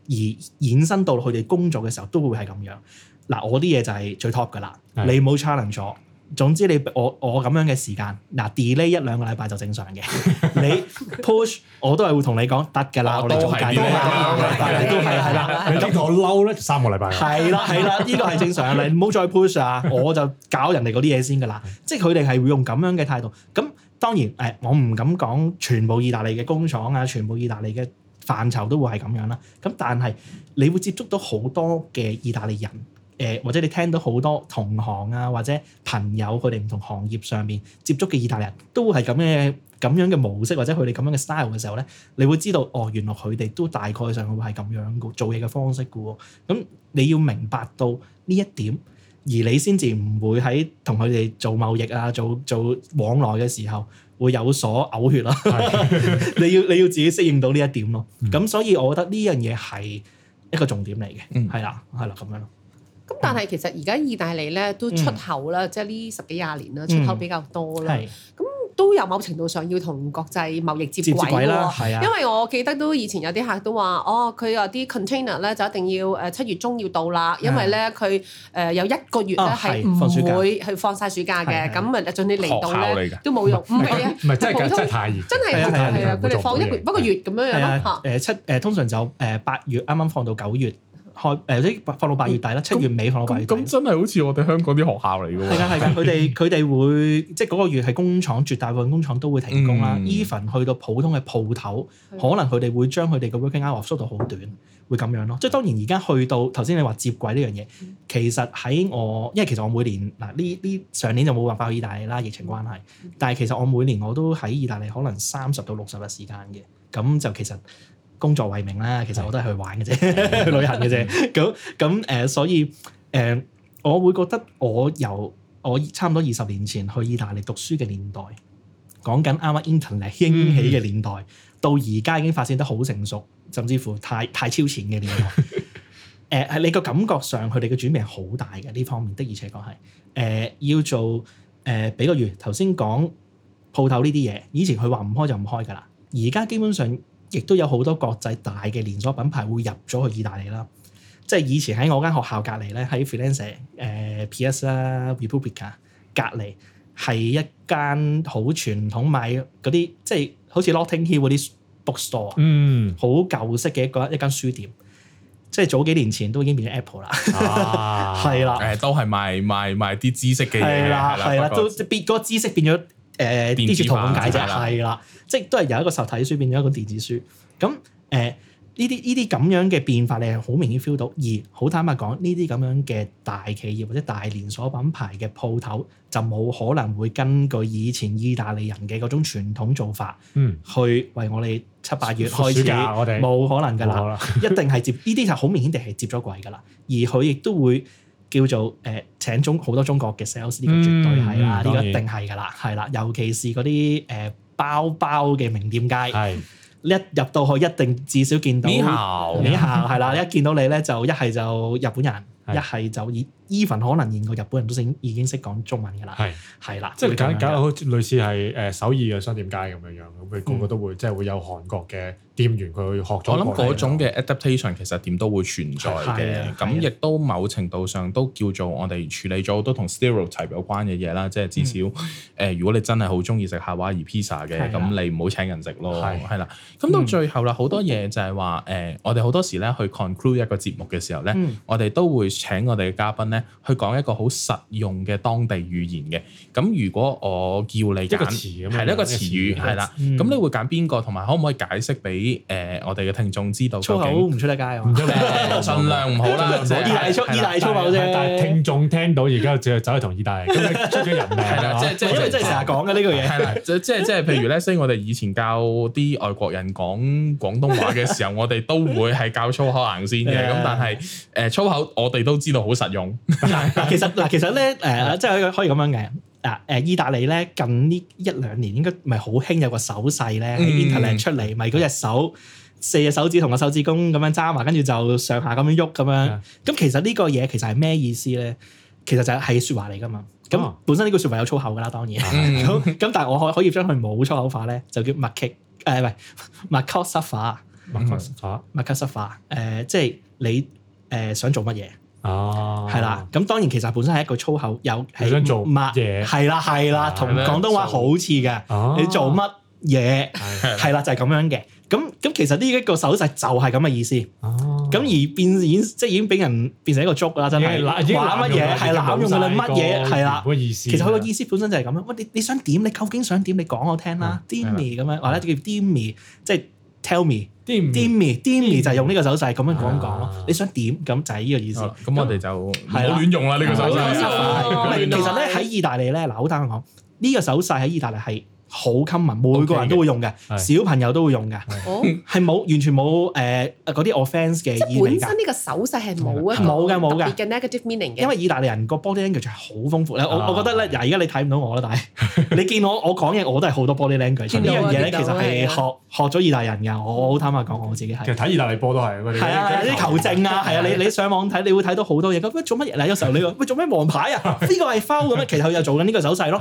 而衍生到佢哋工作嘅時候都會係咁樣。嗱，我啲嘢就係最 top 噶啦，的你冇 challenge 咗。總之你我我咁樣嘅時間，嗱 delay 一兩個禮拜就正常嘅。你 push 我都係會同你講得㗎啦，我哋做緊咩？都係，都都係，係啦。你咁我嬲咧，三個禮拜。係啦，係啦，呢個係正常。你唔好再 push 啊！我就搞人哋嗰啲嘢先㗎啦。即係佢哋係會用咁樣嘅態度。咁當然誒，我唔敢講全部意大利嘅工廠啊，全部意大利嘅範疇都會係咁樣啦。咁但係你會接觸到好多嘅意大利人。誒，或者你聽到好多同行啊，或者朋友佢哋唔同行業上面接觸嘅意大利人都係咁嘅，咁樣嘅模式或者佢哋咁樣嘅 style 嘅時候咧，你會知道哦，原來佢哋都大概上係咁樣做嘢嘅方式㗎喎。咁你要明白到呢一點，而你先至唔會喺同佢哋做貿易啊，做做往來嘅時候會有所嘔血咯。 你要你要自己適應到呢一點咯。咁、嗯、所以我覺得呢樣嘢係一個重點嚟嘅，係啦，係啦，咁樣。咁但係其實而家意大利咧都出口啦，即係呢十幾廿年啦，出口比較多啦。咁都有某程度上要同國際貿易接軌啦。因為我記得都以前有啲客都話，哦，佢有啲 container 咧就一定要誒七月中要到啦，因為咧佢誒有一個月咧係唔會去放晒暑假嘅。咁啊，準你嚟到咧都冇用，唔係啊，唔係真係真係太熱，真係啊，係啊，佢哋放一個一個月咁樣樣嚇。誒七誒通常就誒八月啱啱放到九月。開誒啲放落八月底啦，七月尾放到八月底。咁那真係好似我哋香港啲學校嚟㗎喎。係㗎，係㗎。佢哋佢哋會即係嗰個月係工廠絕大部分工廠都會停工啦。Even、嗯、去到普通嘅鋪頭，的可能佢哋會將佢哋嘅 working hours 縮到好短，會咁樣咯。即係當然而家去到頭先你話接軌呢樣嘢，嗯、其實喺我因為其實我每年嗱呢呢上年就冇辦法去意大利啦，疫情關係。嗯、但係其實我每年我都喺意大利可能三十到六十日時間嘅，咁就其實。工作為名啦，其實我都係去玩嘅啫，的 去旅行嘅啫。咁咁誒，所以誒、呃，我會覺得我由我差唔多二十年前去意大利讀書嘅年代，講緊啱啱 internet 興起嘅年代，嗯、到而家已經發展得好成熟，甚至乎太太超前嘅年代。誒、 呃，係你個感覺上，佢哋嘅轉變好大嘅呢方面，的而且確係誒要做誒，比如頭先講鋪頭呢啲嘢，以前佢話唔開就唔開㗎啦，而家基本上。亦都有好多國際大嘅連鎖品牌會入咗去意大利啦。即係以前喺我間學校隔離咧，喺 Freelancer 誒 PS 啦 Republic 隔離係一間好傳統賣嗰啲即係好似 Notting Hill 嗰啲 bookstore，嗯，好舊式嘅一個一間書店。即係早幾年前都已經變咗 Apple、啊、 啦，係啦，誒都係賣賣賣啲知識嘅嘢啦，係啦，啦過都變，個知識變咗。誒啲住圖咁解啫，係啦、呃，即係都係由一個實體書變咗一個電子書。咁誒呢啲呢啲咁樣嘅變化，你係好明顯 feel 到。而好坦白講，呢啲咁樣嘅大企業或者大連鎖品牌嘅鋪頭，就冇可能會根據以前意大利人嘅嗰種傳統做法，嗯，去為我哋七八月開始，我哋冇、嗯、可能㗎啦，嗯、一定係接呢啲就好明顯地係接咗軌㗎啦。而佢亦都會。叫做誒、呃、請中好多中國嘅 sales 呢個絕對係啦，呢、嗯嗯、個一定係噶啦，係啦，尤其是啲誒、呃、包包嘅名店街，係的一入到去一定至少見到美校，美校係啦，的 一見到你咧就一係就日本人。一係就以 even 可能連個日本人都已經已經識講中文㗎啦，係啦，即係搞搞好似類似係誒首爾嘅商店街咁樣樣，咁佢個個都會即係會有韓國嘅店員佢學咗。我諗嗰種嘅 adaptation 其實點都會存在嘅，咁亦都某程度上都叫做我哋處理咗好多同 stereotype 有關嘅嘢啦，即係至少誒，如果你真係好中意食夏威夷 pizza 嘅，咁你唔好請人食咯，係啦。咁到最後啦，好多嘢就係話誒，我哋好多時咧去 conclude 一個節目嘅時候咧，我哋都會，請我哋嘅嘉賓咧，去講一個好實用嘅當地語言嘅。咁如果我叫你揀詞噉，係一個詞語，係啦。咁你會揀邊個？同埋可唔可以解釋俾誒我哋嘅聽眾知道？粗口唔出得街，唔出得街啊，盡量唔好啦，意大粗意大粗口啫。聽眾聽到而家就走去同意大利人，出咗人命係啦。即即即係成日講嘅呢個嘢係啦。即即係譬如咧，所以我哋以前教啲外國人講廣東話嘅時候，我哋都會係教粗口行先嘅。咁但係誒粗口我哋。都知道好實用 其實。其實嗱，其實咧，誒，即係可以咁樣嘅嗱，誒，意大利咧近呢一兩年應該咪好興有個手勢咧喺 Internet 出嚟，咪嗰、嗯、隻手四隻手指同個手指公咁樣揸埋，跟住就上下咁樣喐咁樣。咁、嗯、其實呢個嘢其實係咩意思咧？其實就係説話嚟噶嘛。咁本身呢個説話有粗口噶啦，當然。咁、嗯、 但係我可可以將佢冇粗口化咧，就叫麥劇誒，唔係麥克沙法，麥克沙法，麥克沙法。誒、嗯，即係、嗯呃就是、你誒想做乜嘢？哦，係啦，咁當然其實本身係一個粗口，有係想做乜嘢？係啦，係啦，同廣東話好似嘅。你做乜嘢？係啦，就係咁樣嘅。咁咁其實呢一個手勢就係咁嘅意思。哦。咁而變演即係已經俾人變成一個捉啦，真係。攬乜嘢？係攬用嘅乜嘢？係啦。意思。其實佢個意思本身就係咁樣啦。喂，你你想點？你究竟想點？你講我聽啦。Demi 咁樣，或者叫 Demi，即係。Tell me, dimmi, dimmi 就係用呢個手勢咁樣講講咯。啊、你想點？咁就係、係、呢個意思。咁、啊、我哋就唔好亂用啦呢、呢個手勢。其實咧喺意大利咧，嗱好坦白講，呢個手勢喺意大利係，好 common，每個人都會用嘅，小朋友都會用嘅，係冇完全冇誒嗰啲 offense 嘅。即係本身呢個手勢係冇啊，冇嘅冇嘅。negative meaning 嘅。因為意大利人個 body language 係好豐富咧，我我覺得咧，嗱而家你睇唔到我啦，但係你見我我講嘢，我都係好多 body language。呢樣嘢咧其實係學學咗意大利人嘅，我好坦白講我自己係。其實睇意大利波都係，係啊啲球證啊，係啊你你上網睇你會睇到好多嘢咁，喂做乜嘢咧？有時候你話喂做咩黃牌啊？呢個係 foul 咁啊，其實佢又做緊呢個手勢咯，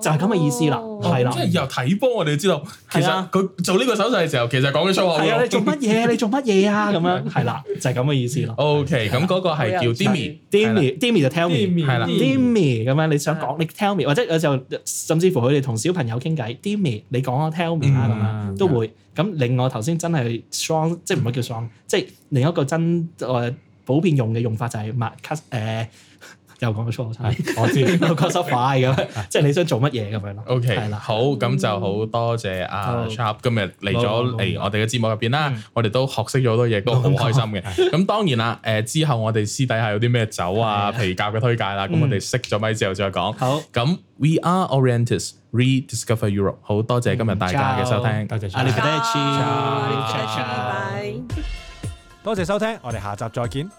就係咁嘅意思啦，係啦。由睇波我哋知道，其實佢做呢個手勢嘅時候，其實講緊粗話喎。係啊，你做乜嘢？你做乜嘢啊？咁樣係啦，就係咁嘅意思咯。OK，咁嗰個係叫 Demi，Demi，Demi 就 tell me 係啦，Demi 咁樣你想講你 tell me，或者有時候甚至乎佢哋同小朋友傾偈，Demi，你講啊 tell me 啦咁樣都會。咁另外頭先真係 strong，即係唔會叫 strong，即係另一個真誒普遍用嘅用法就係 my cast air。又講錯曬，我知，我講得快咁，即係你想做乜嘢咁樣咯。OK，係啦，好，咁就好多謝阿 Chap 今日嚟咗嚟我哋嘅節目入邊啦，我哋都學識咗好多嘢，都好開心嘅。咁當然啦，誒之後我哋私底下有啲咩酒啊皮夾嘅推介啦，咁我哋熄咗咪之後再講。好，咁 We are Oriented Rediscover Europe，好多謝今日大家嘅收聽，阿你哋都係 Cheers，多謝收聽，我哋下集再見。